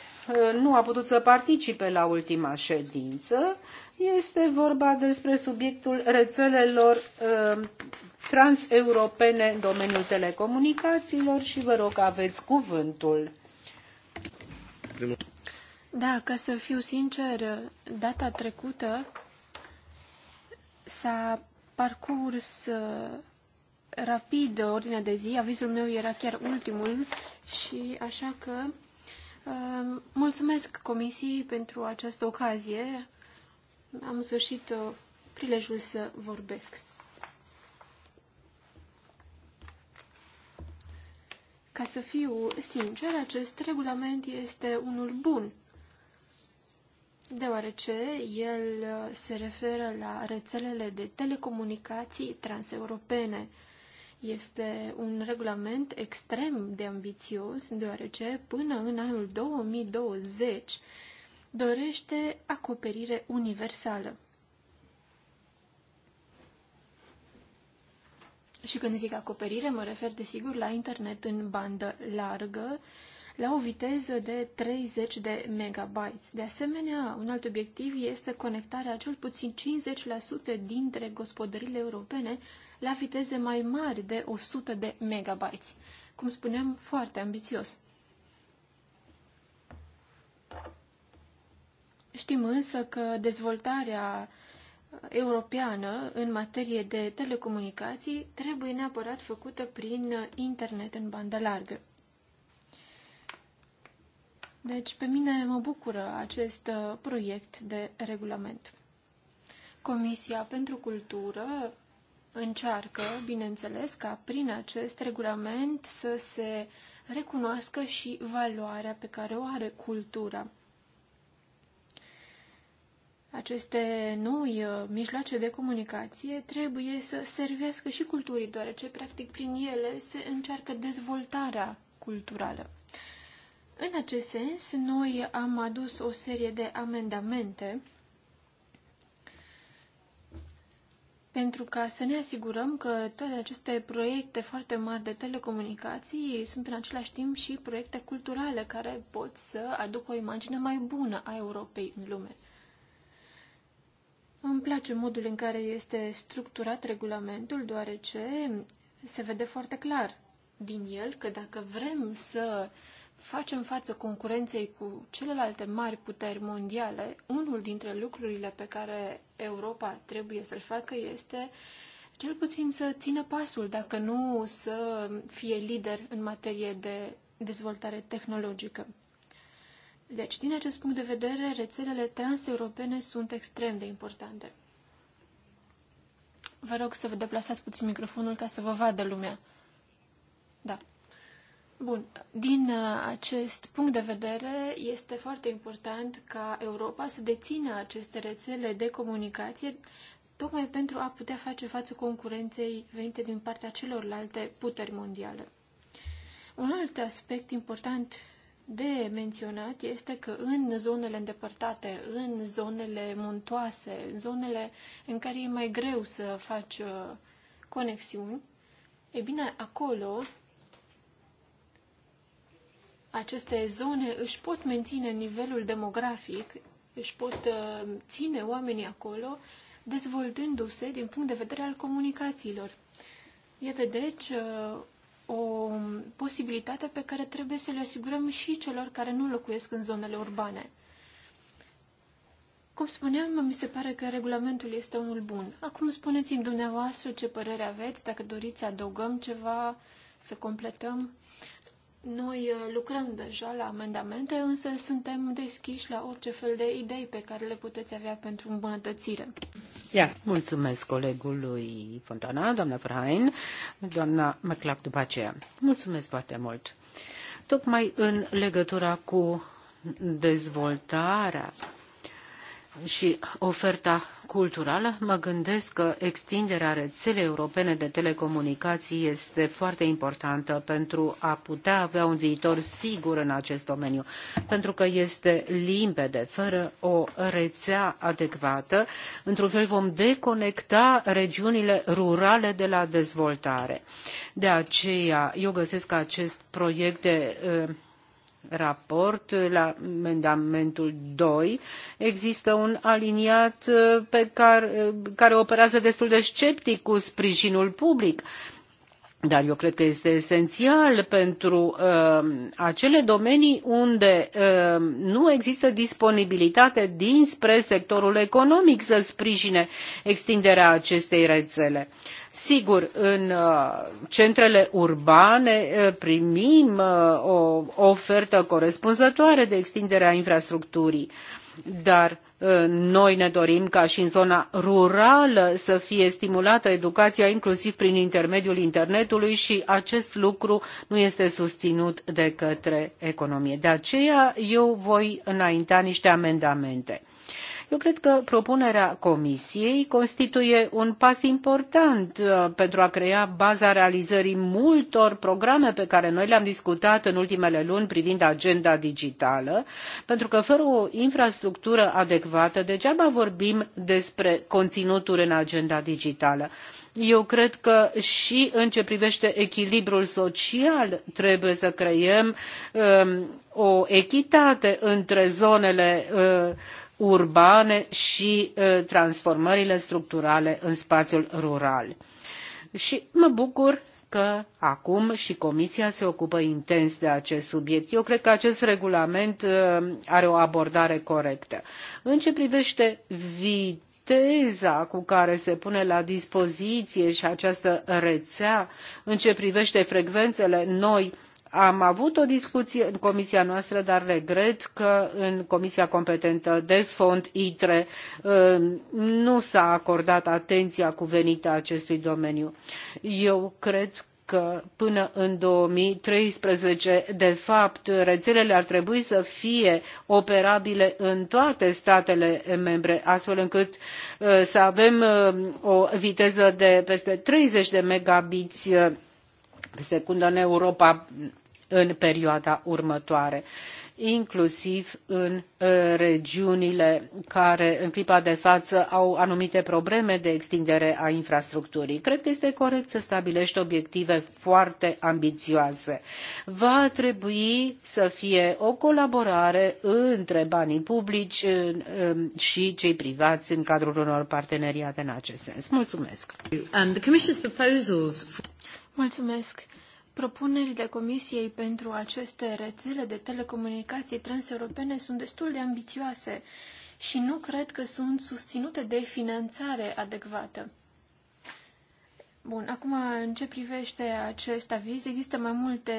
ă, nu a putut să participe la ultima ședință, este vorba despre subiectul rețelelor ă, transeuropene în domeniul telecomunicațiilor și vă rog aveți cuvântul. Da, ca să fiu sincer, data trecută s-a parcurs uh, rapid ordinea de zi, avizul meu era chiar ultimul și așa că uh, mulțumesc comisiei pentru această ocazie. Am sfârșit uh, prilejul să vorbesc. Ca să fiu sincer, acest regulament este unul bun, deoarece el uh, se referă la rețelele de telecomunicații transeuropene. Este un regulament extrem de ambițios, deoarece până în anul 2020 dorește acoperire universală. Și când zic acoperire, mă refer desigur la internet în bandă largă, la o viteză de 30 de megabytes. De asemenea, un alt obiectiv este conectarea cel puțin 50% dintre gospodările europene la viteze mai mari de 100 de megabytes. Cum spuneam, foarte ambițios. Știm însă că dezvoltarea europeană în materie de telecomunicații trebuie neapărat făcută prin internet în bandă largă. Deci pe mine mă bucură acest uh, proiect de regulament. Comisia pentru Cultură încearcă, bineînțeles, ca prin acest regulament să se recunoască și valoarea pe care o are cultura aceste noi uh, mijloace de comunicație trebuie să servească și culturii, deoarece, practic, prin ele se încearcă dezvoltarea culturală. În acest sens, noi am adus o serie de amendamente pentru ca să ne asigurăm că toate aceste proiecte foarte mari de telecomunicații sunt în același timp și proiecte culturale care pot să aducă o imagine mai bună a Europei în lume. Îmi place modul în care este structurat regulamentul, deoarece se vede foarte clar din el că dacă vrem să facem față concurenței cu celelalte mari puteri mondiale, unul dintre lucrurile pe care Europa trebuie să-l facă este cel puțin să țină pasul, dacă nu să fie lider în materie de dezvoltare tehnologică. Deci, din acest punct de vedere, rețelele transeuropene sunt extrem de importante. Vă rog să vă deplasați puțin microfonul ca să vă vadă lumea. Da. Bun. Din uh, acest punct de vedere, este foarte important ca Europa să dețină aceste rețele de comunicație tocmai pentru a putea face față concurenței venite din partea celorlalte puteri mondiale. Un alt aspect important de menționat este că în zonele îndepărtate, în zonele muntoase, în zonele în care e mai greu să faci uh, conexiuni, e bine, acolo aceste zone își pot menține nivelul demografic, își pot uh, ține oamenii acolo, dezvoltându-se din punct de vedere al comunicațiilor. Iată, deci, uh, o posibilitate pe care trebuie să le asigurăm și celor care nu locuiesc în zonele urbane. Cum spuneam, mi se pare că regulamentul este unul bun. Acum spuneți-mi dumneavoastră ce părere aveți, dacă doriți să adăugăm ceva, să completăm. Noi uh, lucrăm deja la amendamente, însă suntem deschiși la orice fel de idei pe care le puteți avea pentru îmbunătățire. Ia, mulțumesc colegului Fontana, doamna Frain, doamna McLack după aceea. Mulțumesc foarte mult. Tocmai în legătura cu dezvoltarea și oferta culturală, mă gândesc că extinderea rețelei europene de telecomunicații este foarte importantă pentru a putea avea un viitor sigur în acest domeniu, pentru că este limpede, fără o rețea adecvată, într-un fel vom deconecta regiunile rurale de la dezvoltare. De aceea, eu găsesc că acest proiect de uh, raport, la amendamentul doi există un aliniat uh, pe care, uh, care operează destul de sceptic cu sprijinul public. Dar eu cred că este esențial pentru uh, acele domenii unde uh, nu există disponibilitate dinspre sectorul economic să sprijine extinderea acestei rețele. Uh, Sigur, în uh, centrele urbane uh, primim uh, o ofertă corespunzătoare de extindere a infrastructurii, dar noi ne dorim ca și în zona rurală să fie stimulată educația inclusiv prin intermediul internetului și acest lucru nu este susținut de către economie. De aceea eu voi înainta niște amendamente. Eu cred că propunerea Comisiei constituie un pas important uh, pentru a crea baza realizării multor programe pe care noi le-am discutat în ultimele luni privind agenda digitală, pentru că fără o infrastructură adecvată, degeaba vorbim despre conținuturi în agenda digitală eu cred că și în ce privește echilibrul social trebuie să creăm um, o echitate între zonele uh, urbane și transformările structurale în spațiul rural. Și mă bucur că acum și Comisia se ocupă intens de acest subiect. Eu cred că acest regulament are o abordare corectă. În ce privește viteza cu care se pune la dispoziție și această rețea în ce privește frecvențele noi am avut o discuție în comisia noastră, dar regret că în comisia competentă de fond ITRE uh, nu s-a acordat atenția cuvenită acestui domeniu. Eu cred că până în 2013, de fapt, rețelele ar trebui să fie operabile în toate statele membre, astfel încât uh, să avem uh, o viteză de peste 30 de megabiți pe secundă în Europa în perioada următoare, inclusiv în uh, regiunile care în clipa de față au anumite probleme de extindere a infrastructurii. Cred că este corect să stabilești obiective foarte ambițioase. Va trebui să fie o colaborare între banii publici uh, um, și cei privați în cadrul unor parteneriate în acest sens. Mulțumesc! Mulțumesc! Propunerile Comisiei pentru aceste rețele de telecomunicații transeuropene sunt destul de ambițioase și nu cred că sunt susținute de finanțare adecvată. Bun, acum în ce privește acest aviz, există mai multe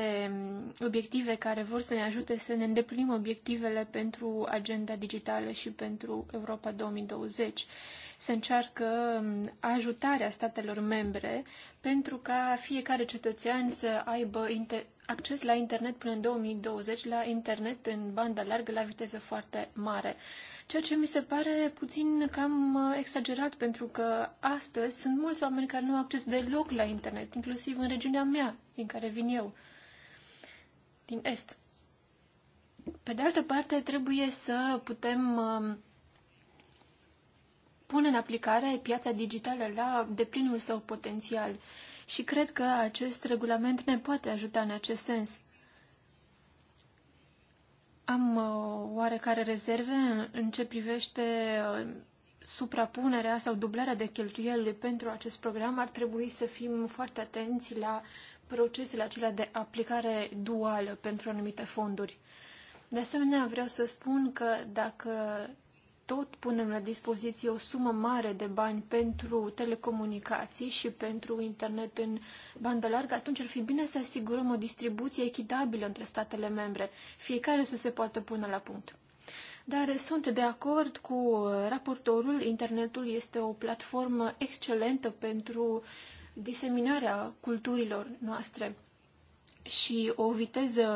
obiective care vor să ne ajute să ne îndeplinim obiectivele pentru agenda digitală și pentru Europa 2020 se încearcă um, ajutarea statelor membre pentru ca fiecare cetățean să aibă acces la internet până în 2020, la internet în bandă largă, la viteză foarte mare. Ceea ce mi se pare puțin cam uh, exagerat, pentru că astăzi sunt mulți oameni care nu au acces deloc la internet, inclusiv în regiunea mea, din care vin eu, din Est. Pe de altă parte, trebuie să putem um, pune în aplicare piața digitală la deplinul său potențial și cred că acest regulament ne poate ajuta în acest sens. Am uh, oarecare rezerve în ce privește uh, suprapunerea sau dublarea de cheltuieli pentru acest program. Ar trebui să fim foarte atenți la procesele acelea de aplicare duală pentru anumite fonduri. De asemenea, vreau să spun că dacă tot punem la dispoziție o sumă mare de bani pentru telecomunicații și pentru internet în bandă largă, atunci ar fi bine să asigurăm o distribuție echitabilă între statele membre, fiecare să se poată pune la punct. Dar sunt de acord cu raportorul, internetul este o platformă excelentă pentru diseminarea culturilor noastre și o viteză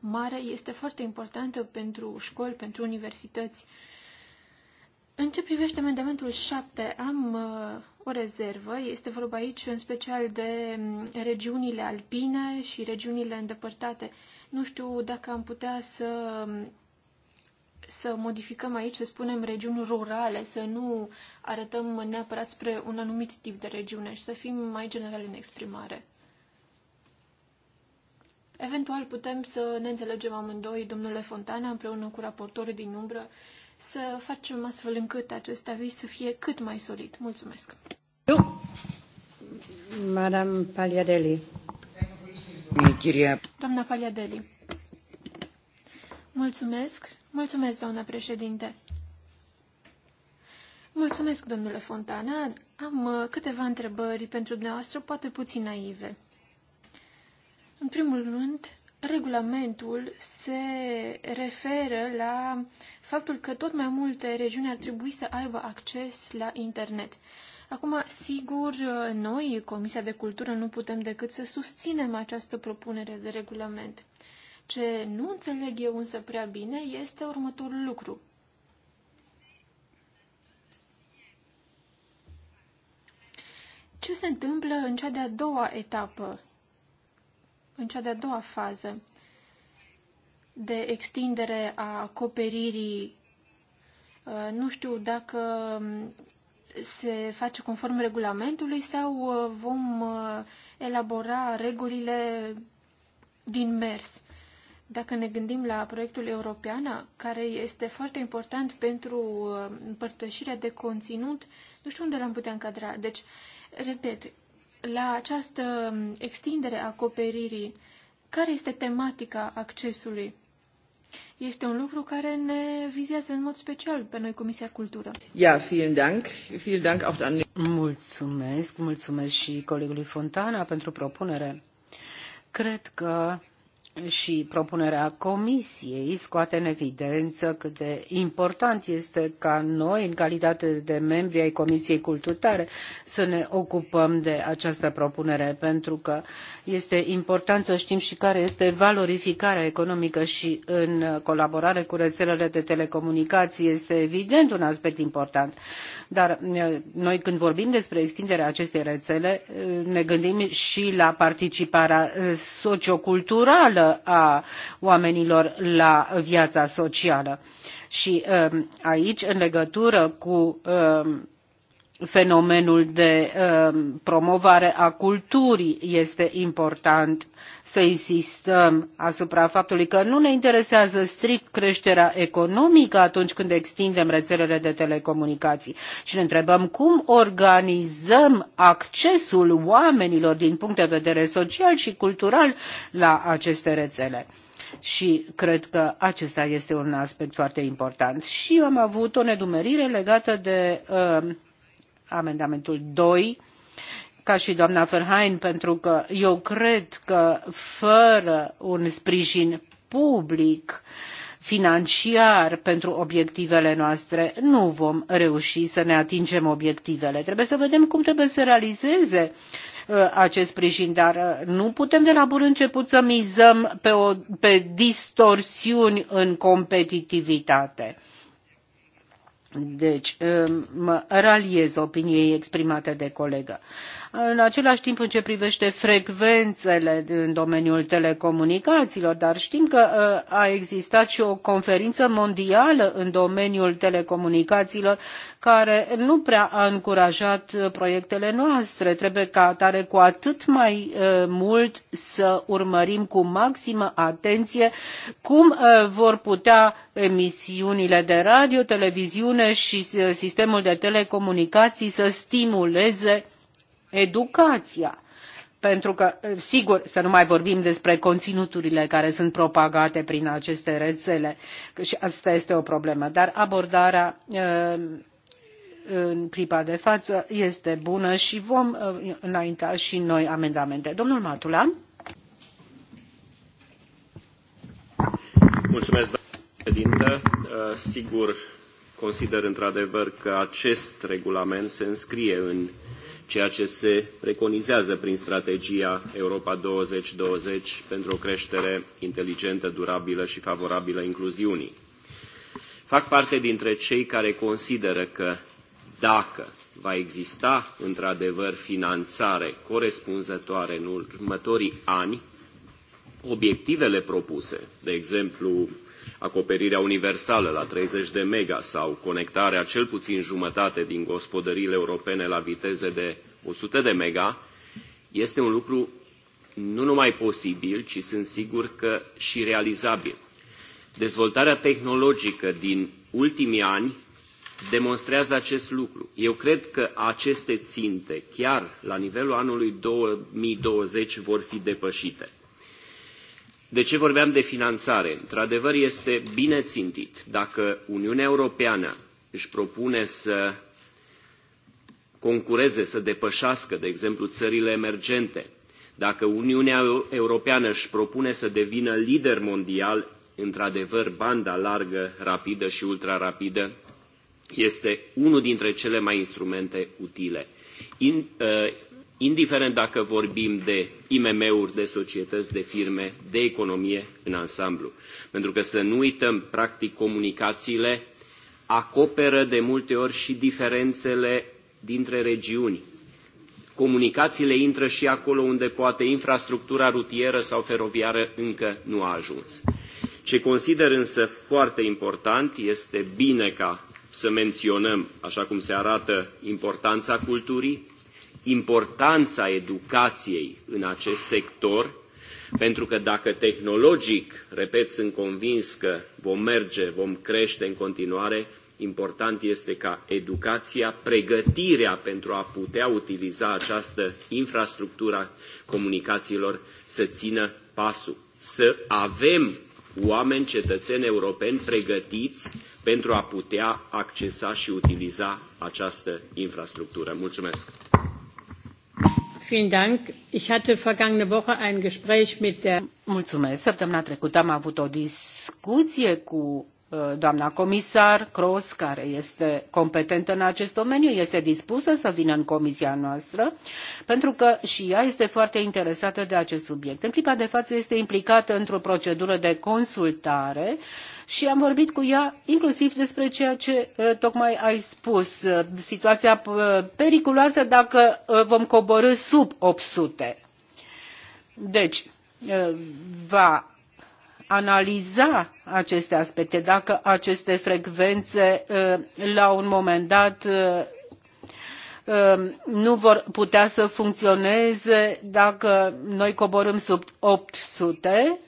mare este foarte importantă pentru școli, pentru universități. În ce privește amendamentul 7, am uh, o rezervă. Este vorba aici în special de mm, regiunile alpine și regiunile îndepărtate. Nu știu dacă am putea să, mm, să modificăm aici, să spunem, regiuni rurale, să nu arătăm neapărat spre un anumit tip de regiune și să fim mai general în exprimare. Eventual putem să ne înțelegem amândoi, domnule Fontana, împreună cu raportorul din umbră, uh, să facem astfel încât acest aviz să fie cât mai solid. Mulțumesc! Eu, Madame Paliadeli. Doamna Paliadeli. Mulțumesc, mulțumesc, doamna președinte. Mulțumesc, domnule Fontana. Am uh, câteva întrebări pentru dumneavoastră, poate puțin naive. În primul rând, regulamentul se referă la faptul că tot mai multe regiuni ar trebui să aibă acces la internet. Acum, sigur, noi, Comisia de Cultură, nu putem decât să susținem această propunere de regulament. Ce nu înțeleg eu însă prea bine este următorul lucru. Ce se întâmplă în cea de-a doua etapă în cea de-a doua fază de extindere a acoperirii. Uh, nu știu dacă um, se face conform regulamentului sau uh, vom uh, elabora regulile din mers. Dacă ne gândim la proiectul european, care este foarte important pentru împărtășirea de conținut, nu știu unde l-am putea încadra. Deci, repet, la această extindere a acoperirii, care este tematica accesului? Este un lucru care ne vizează în mod special pe noi Comisia Cultură. Ja, vielen Dank. Vielen Dank auch an... Mulțumesc, mulțumesc și colegului Fontana pentru propunere. Cred că și propunerea Comisiei scoate în evidență cât de important este ca noi, în calitate de membri ai Comisiei Culturale, să ne ocupăm de această propunere, pentru că este important să știm și care este valorificarea economică și în colaborare cu rețelele de telecomunicații este evident un aspect important. Dar noi când vorbim despre extinderea acestei rețele, ne gândim și la participarea socioculturală a oamenilor la viața socială. Și um, aici, în legătură cu um, fenomenul de um, promovare a culturii este important să insistăm asupra faptului că nu ne interesează strict creșterea economică atunci când extindem rețelele de telecomunicații și ne întrebăm cum organizăm accesul oamenilor din punct de vedere social și cultural la aceste rețele și cred că acesta este un aspect foarte important. Și eu am avut o nedumerire legată de uh, amendamentul 2, ca și doamna Verheyen, pentru că eu cred că fără un sprijin public financiar pentru obiectivele noastre, nu vom reuși să ne atingem obiectivele. Trebuie să vedem cum trebuie să realizeze uh, acest sprijin, dar uh, nu putem de la bun început să mizăm pe, o, pe distorsiuni în competitivitate. Deci, um, mă raliez opiniei exprimate de colegă. În același timp, în ce privește frecvențele în domeniul telecomunicațiilor, dar știm că uh, a existat și o conferință mondială în domeniul telecomunicațiilor care nu prea a încurajat uh, proiectele noastre. Trebuie ca atare cu atât mai uh, mult să urmărim cu maximă atenție cum vor putea emisiunile de radio, televiziune și sistemul de telecomunicații să stimuleze educația. Pentru că, sigur, să nu mai vorbim despre conținuturile care sunt propagate prin aceste rețele, și asta este o problemă. Dar abordarea uh, în clipa de față este bună și vom uh, înainta și noi amendamente. Domnul Matula. Mulțumesc, președintă. Uh, sigur, consider într-adevăr că acest regulament se înscrie în ceea ce se preconizează prin strategia Europa 2020 pentru o creștere inteligentă, durabilă și favorabilă incluziunii. Fac parte dintre cei care consideră că dacă va exista într-adevăr finanțare corespunzătoare în următorii ani, obiectivele propuse, de exemplu acoperirea universală la 30 de mega sau conectarea cel puțin jumătate din gospodăriile europene la viteze de 100 de mega, este un lucru nu numai posibil, ci sunt sigur că și realizabil. Dezvoltarea tehnologică din ultimii ani demonstrează acest lucru. Eu cred că aceste ținte, chiar la nivelul anului 2020, vor fi depășite. De ce vorbeam de finanțare? Într-adevăr, este bine țintit. Dacă Uniunea Europeană își propune să concureze, să depășească, de exemplu, țările emergente, dacă Uniunea Europeană își propune să devină lider mondial, într-adevăr, banda largă, rapidă și ultrarapidă este unul dintre cele mai instrumente utile. In, uh, indiferent dacă vorbim de IMM-uri, de societăți, de firme, de economie în ansamblu. Pentru că să nu uităm, practic, comunicațiile acoperă de multe ori și diferențele dintre regiuni. Comunicațiile intră și acolo unde poate infrastructura rutieră sau feroviară încă nu a ajuns. Ce consider însă foarte important este bine ca să menționăm, așa cum se arată, importanța culturii, importanța educației în acest sector, pentru că dacă tehnologic, repet, sunt convins că vom merge, vom crește în continuare, important este ca educația, pregătirea pentru a putea utiliza această infrastructură a comunicațiilor să țină pasul. Să avem oameni, cetățeni europeni pregătiți pentru a putea accesa și utiliza această infrastructură. Mulțumesc! Mulțumesc. Săptămâna trecută am avut o discuție cu Uh, doamna comisar Cross, care este competentă în acest domeniu, este dispusă să vină în comisia noastră, pentru că și ea este foarte interesată de acest subiect. În clipa de față este implicată într-o procedură de consultare și am vorbit cu ea inclusiv despre ceea ce uh, tocmai ai spus, uh, situația periculoasă dacă vom coborî sub 800. Deci, va analiza aceste aspecte, dacă aceste frecvențe uh, la un moment dat uh, uh, nu vor putea să funcționeze dacă noi coborâm sub 800,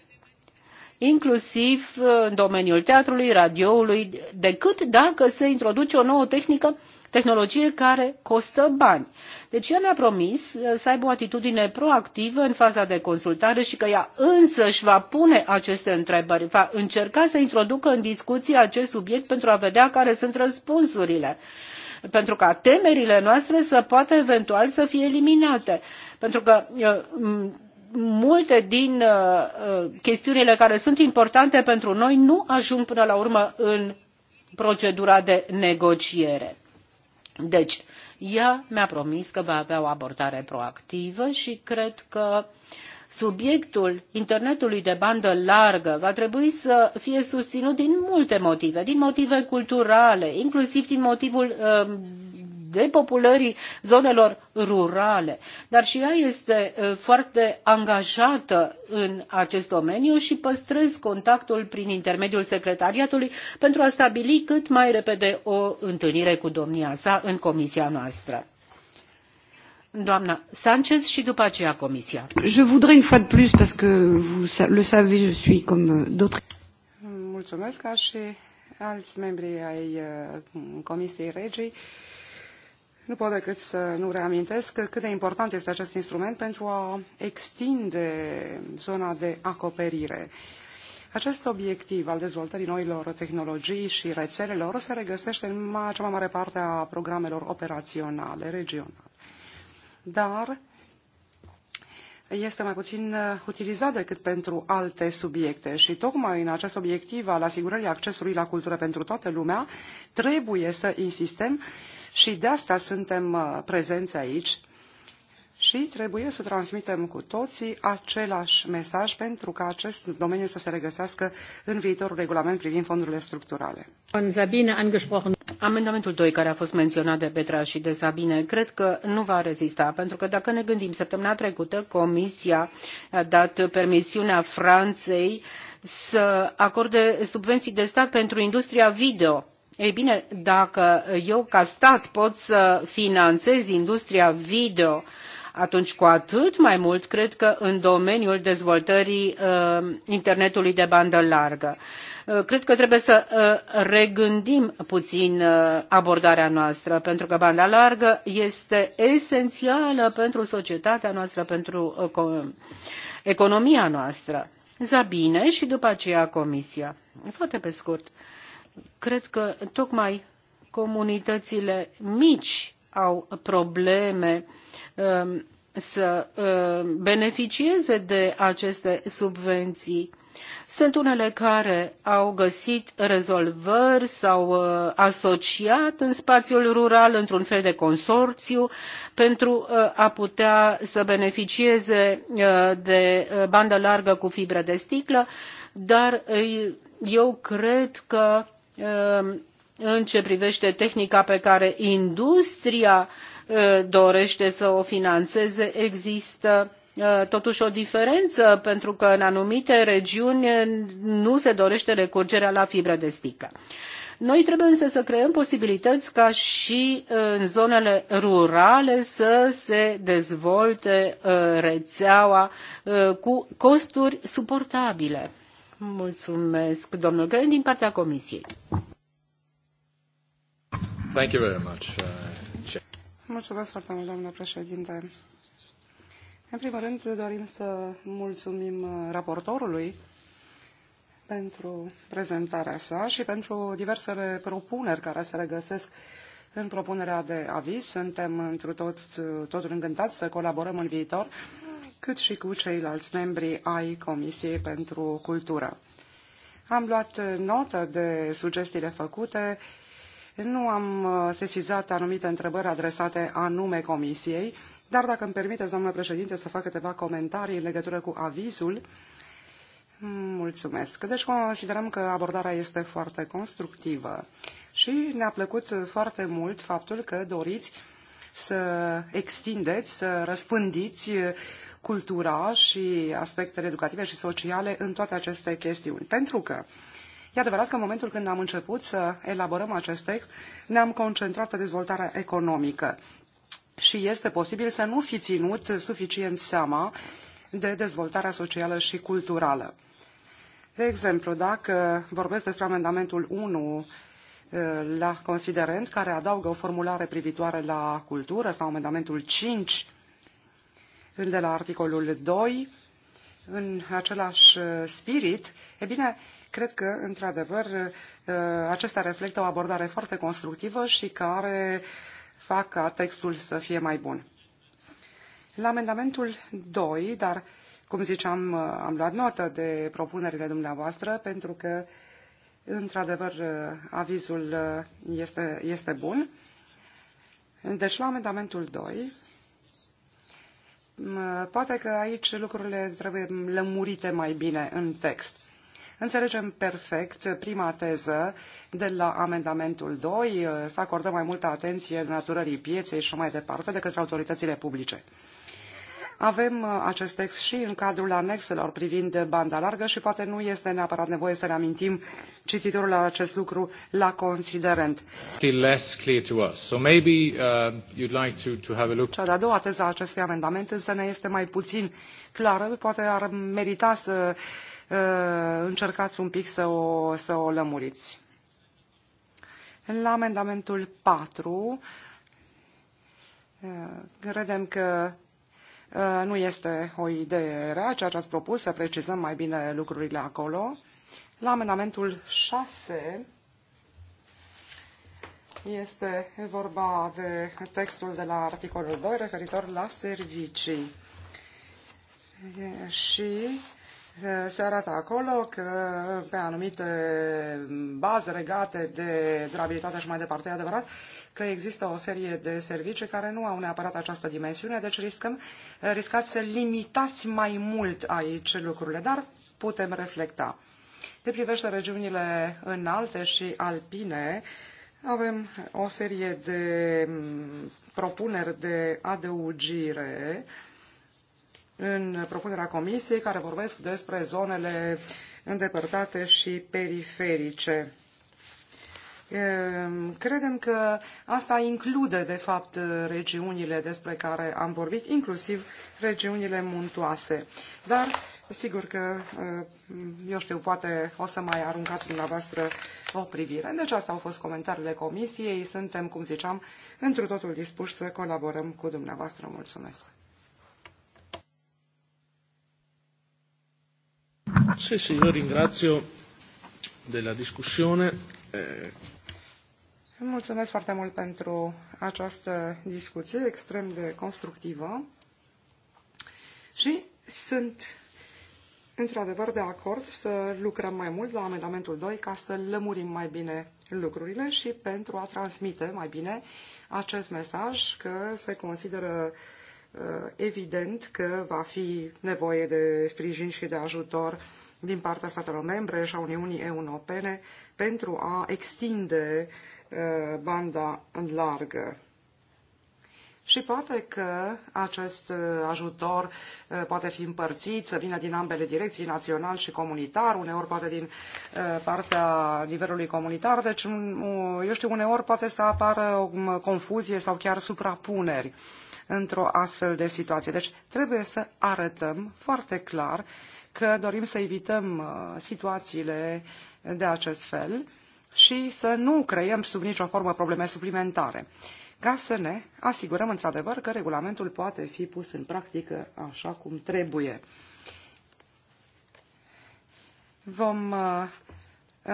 inclusiv în domeniul teatrului, radioului, decât dacă se introduce o nouă tehnică tehnologie care costă bani. Deci ea ne-a promis uh, să aibă o atitudine proactivă în faza de consultare și că ea însă își va pune aceste întrebări, va încerca să introducă în discuție acest subiect pentru a vedea care sunt răspunsurile pentru ca temerile noastre să poată eventual să fie eliminate. Pentru că uh, multe din uh, chestiunile care sunt importante pentru noi nu ajung până la urmă în procedura de negociere. Deci, ea mi-a promis că va avea o abordare proactivă și cred că subiectul internetului de bandă largă va trebui să fie susținut din multe motive, din motive culturale, inclusiv din motivul uh, depopulării zonelor rurale. Dar și ea este foarte angajată în acest domeniu și păstrez contactul prin intermediul secretariatului pentru a stabili cât mai repede o întâlnire cu domnia sa în comisia noastră doamna Sanchez și după aceea Comisia. Je voudrais une fois de plus, parce que vous le savez, je suis comme euh, d'autres. Mulțumesc, ca și alți membri ai uh, Comisiei Regii. Nu pot decât să nu reamintesc cât de important este acest instrument pentru a extinde zona de acoperire. Acest obiectiv al dezvoltării noilor tehnologii și rețelelor se regăsește în cea mai mare parte a programelor operaționale regionale. Dar este mai puțin uh, utilizat decât pentru alte subiecte și tocmai în acest obiectiv al asigurării accesului la cultură pentru toată lumea trebuie să insistăm și de asta suntem uh, prezenți aici și trebuie să transmitem cu toții același mesaj pentru ca acest domeniu să se regăsească în viitorul regulament privind fondurile structurale. Amendamentul 2 care a fost menționat de Petra și de Sabine cred că nu va rezista pentru că dacă ne gândim săptămâna trecută Comisia a dat permisiunea Franței să acorde subvenții de stat pentru industria video ei bine, dacă eu ca stat pot să finanțez industria video, atunci cu atât mai mult cred că în domeniul dezvoltării uh, internetului de bandă largă. Uh, cred că trebuie să uh, regândim puțin uh, abordarea noastră, pentru că banda largă este esențială pentru societatea noastră, pentru economia noastră. Zabine și după aceea Comisia. Foarte pe scurt. Uh, cred că tocmai comunitățile mici au probleme um, să um, beneficieze de aceste subvenții. Sunt unele care au găsit rezolvări, s-au uh, asociat în spațiul rural într-un fel de consorțiu pentru uh, a putea să beneficieze uh, de bandă largă cu fibră de sticlă, dar eu cred că Ehm, în ce privește tehnica pe care industria dorește să o finanțeze, există totuși o diferență pentru că în anumite regiuni nu se dorește recurgerea la fibră de sticlă. Noi trebuie însă să creăm posibilități ca și în zonele rurale să se dezvolte rețeaua cu costuri suportabile. Mulțumesc, domnul Gren, din partea Comisiei. Thank you very much. Uh, Mulțumesc foarte mult, domnule președinte. În primul rând, dorim să mulțumim uh, raportorului pentru prezentarea sa și pentru diversele propuneri care se regăsesc în propunerea de aviz. Suntem întru tot, uh, totul încântați să colaborăm în viitor cât și cu ceilalți membri ai Comisiei pentru Cultură. Am luat notă de sugestiile făcute, nu am uh, sesizat anumite întrebări adresate anume Comisiei, dar dacă îmi permiteți, doamnă președinte, să fac câteva comentarii în legătură cu avizul, Mulțumesc. Deci considerăm că abordarea este foarte constructivă și ne-a plăcut foarte mult faptul că doriți să extindeți, să răspândiți uh, cultura și aspectele educative și sociale în toate aceste chestiuni. Pentru că E adevărat că în momentul când am început să elaborăm acest text, ne-am concentrat pe dezvoltarea economică. Și este posibil să nu fi ținut suficient seama de dezvoltarea socială și culturală. De exemplu, dacă vorbesc despre amendamentul 1 la considerent care adaugă o formulare privitoare la cultură sau amendamentul 5 de la articolul 2 în același uh, spirit, e bine, cred că, într-adevăr, uh, acesta reflectă o abordare foarte constructivă și care fac ca textul să fie mai bun. La amendamentul 2, dar, cum ziceam, uh, am luat notă de propunerile dumneavoastră, pentru că uh, Într-adevăr, uh, avizul uh, este, este bun. Deci, la amendamentul 2, poate că aici lucrurile trebuie lămurite mai bine în text. Înțelegem perfect prima teză de la amendamentul 2, uh, să acordăm mai multă atenție naturării pieței și mai departe de către autoritățile publice. Avem uh, acest text și în cadrul anexelor privind banda largă și poate nu este neapărat nevoie să ne amintim cititorul acest lucru la considerent. Less clear to us. So maybe uh, you'd like to, to have a look. Cea de-a doua teză a acestui amendament însă ne este mai puțin clară, poate ar merita să uh, încercați un pic să o, să o lămuriți. La amendamentul 4 uh, credem că Uh, nu este o idee rea, ceea ce ați propus, să precizăm mai bine lucrurile acolo. La amendamentul 6 este vorba de textul de la articolul 2 referitor la servicii. Și Eh, se arată acolo că pe anumite baze legate de durabilitate și mai departe, e adevărat că există o serie de servicii care nu au neapărat această dimensiune, deci riscăm, eh, riscați să limitați mai mult aici lucrurile, dar putem reflecta. Ce privește regiunile înalte și alpine, avem o serie de mm, propuneri de adăugire uh, în propunerea comisiei care vorbesc despre zonele îndepărtate și periferice. Credem că asta include, de fapt, regiunile despre care am vorbit, inclusiv regiunile muntoase. Dar, sigur că, eu știu, poate o să mai aruncați dumneavoastră o privire. Deci, astea au fost comentariile comisiei. Suntem, cum ziceam, întru totul dispuși să colaborăm cu dumneavoastră. Mulțumesc! Sì, sì, io ringrazio della discussione. Eh. Mulțumesc foarte mult pentru această discuție extrem de constructivă și sunt într-adevăr de acord să lucrăm mai mult la amendamentul 2 ca să lămurim mai bine lucrurile și pentru a transmite mai bine acest mesaj că se consideră eh, evident că va fi nevoie de sprijin și de ajutor din partea statelor membre și a Uniunii Europene pentru a extinde uh, banda largă. Și poate că acest uh, ajutor uh, poate fi împărțit, să vină din ambele direcții, național și comunitar, uneori poate din partea nivelului comunitar, deci, eu știu, uneori poate să apară o um, confuzie sau chiar suprapuneri într-o astfel de situație. Deci trebuie să arătăm foarte clar că dorim să evităm uh, situațiile de acest fel și să nu creăm sub nicio formă probleme suplimentare, ca să ne asigurăm într-adevăr că regulamentul poate fi pus în practică așa cum trebuie. Vom uh, uh,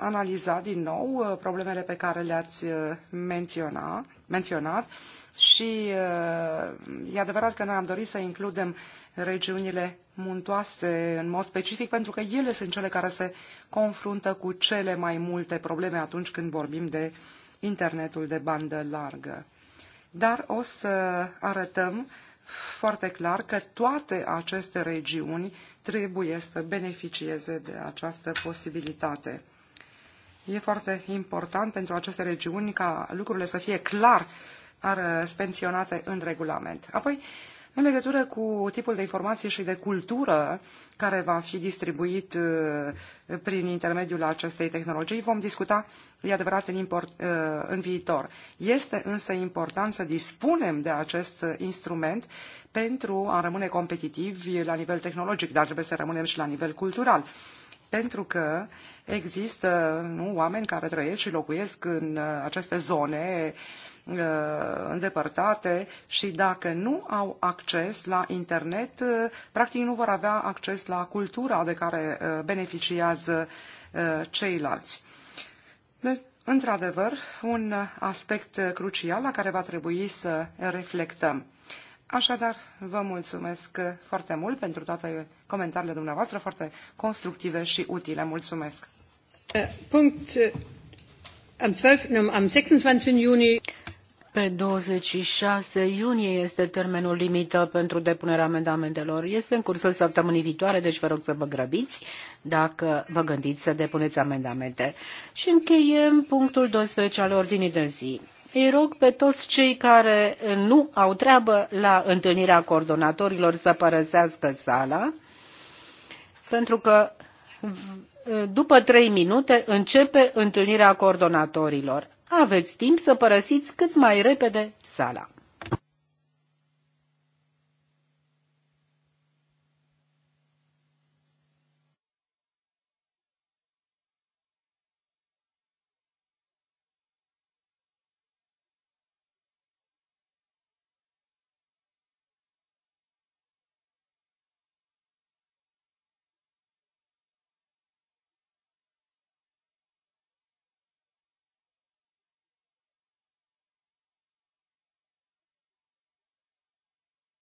analiza din nou problemele pe care le-ați menționat, menționat și uh, e adevărat că noi am dorit să includem regiunile muntoase în mod specific pentru că ele sunt cele care se confruntă cu cele mai multe probleme atunci când vorbim de internetul de bandă largă. Dar o să arătăm foarte clar că toate aceste regiuni trebuie să beneficieze de această posibilitate. E foarte important pentru aceste regiuni ca lucrurile să fie clar Uh, spensionate în regulament. Apoi, în legătură cu tipul de informație și de cultură care va fi distribuit uh, prin intermediul acestei tehnologii, vom discuta, e adevărat, în, import, uh, în viitor. Este însă important să dispunem de acest instrument pentru a rămâne competitivi la nivel tehnologic, dar trebuie să rămânem și la nivel cultural. Pentru că există nu, oameni care trăiesc și locuiesc în aceste zone uh, Uh, îndepărtate și dacă nu au acces la internet, uh, practic nu vor avea acces la cultura de care uh, beneficiază ceilalți. Deci, într-adevăr, un aspect crucial la care va trebui să reflectăm. Așadar, vă mulțumesc foarte mult pentru toate comentariile dumneavoastră, foarte constructive și utile. Mulțumesc! Punct am 12, am 26 iunie. Pe 26 iunie este termenul limită pentru depunerea amendamentelor. Este în cursul săptămânii viitoare, deci vă rog să vă grăbiți dacă vă gândiți să depuneți amendamente. Și încheiem punctul 12 al ordinii de zi. Îi rog pe toți cei care nu au treabă la întâlnirea coordonatorilor să părăsească sala, pentru că după trei minute începe întâlnirea coordonatorilor aveți timp să părăsiți cât mai repede sala.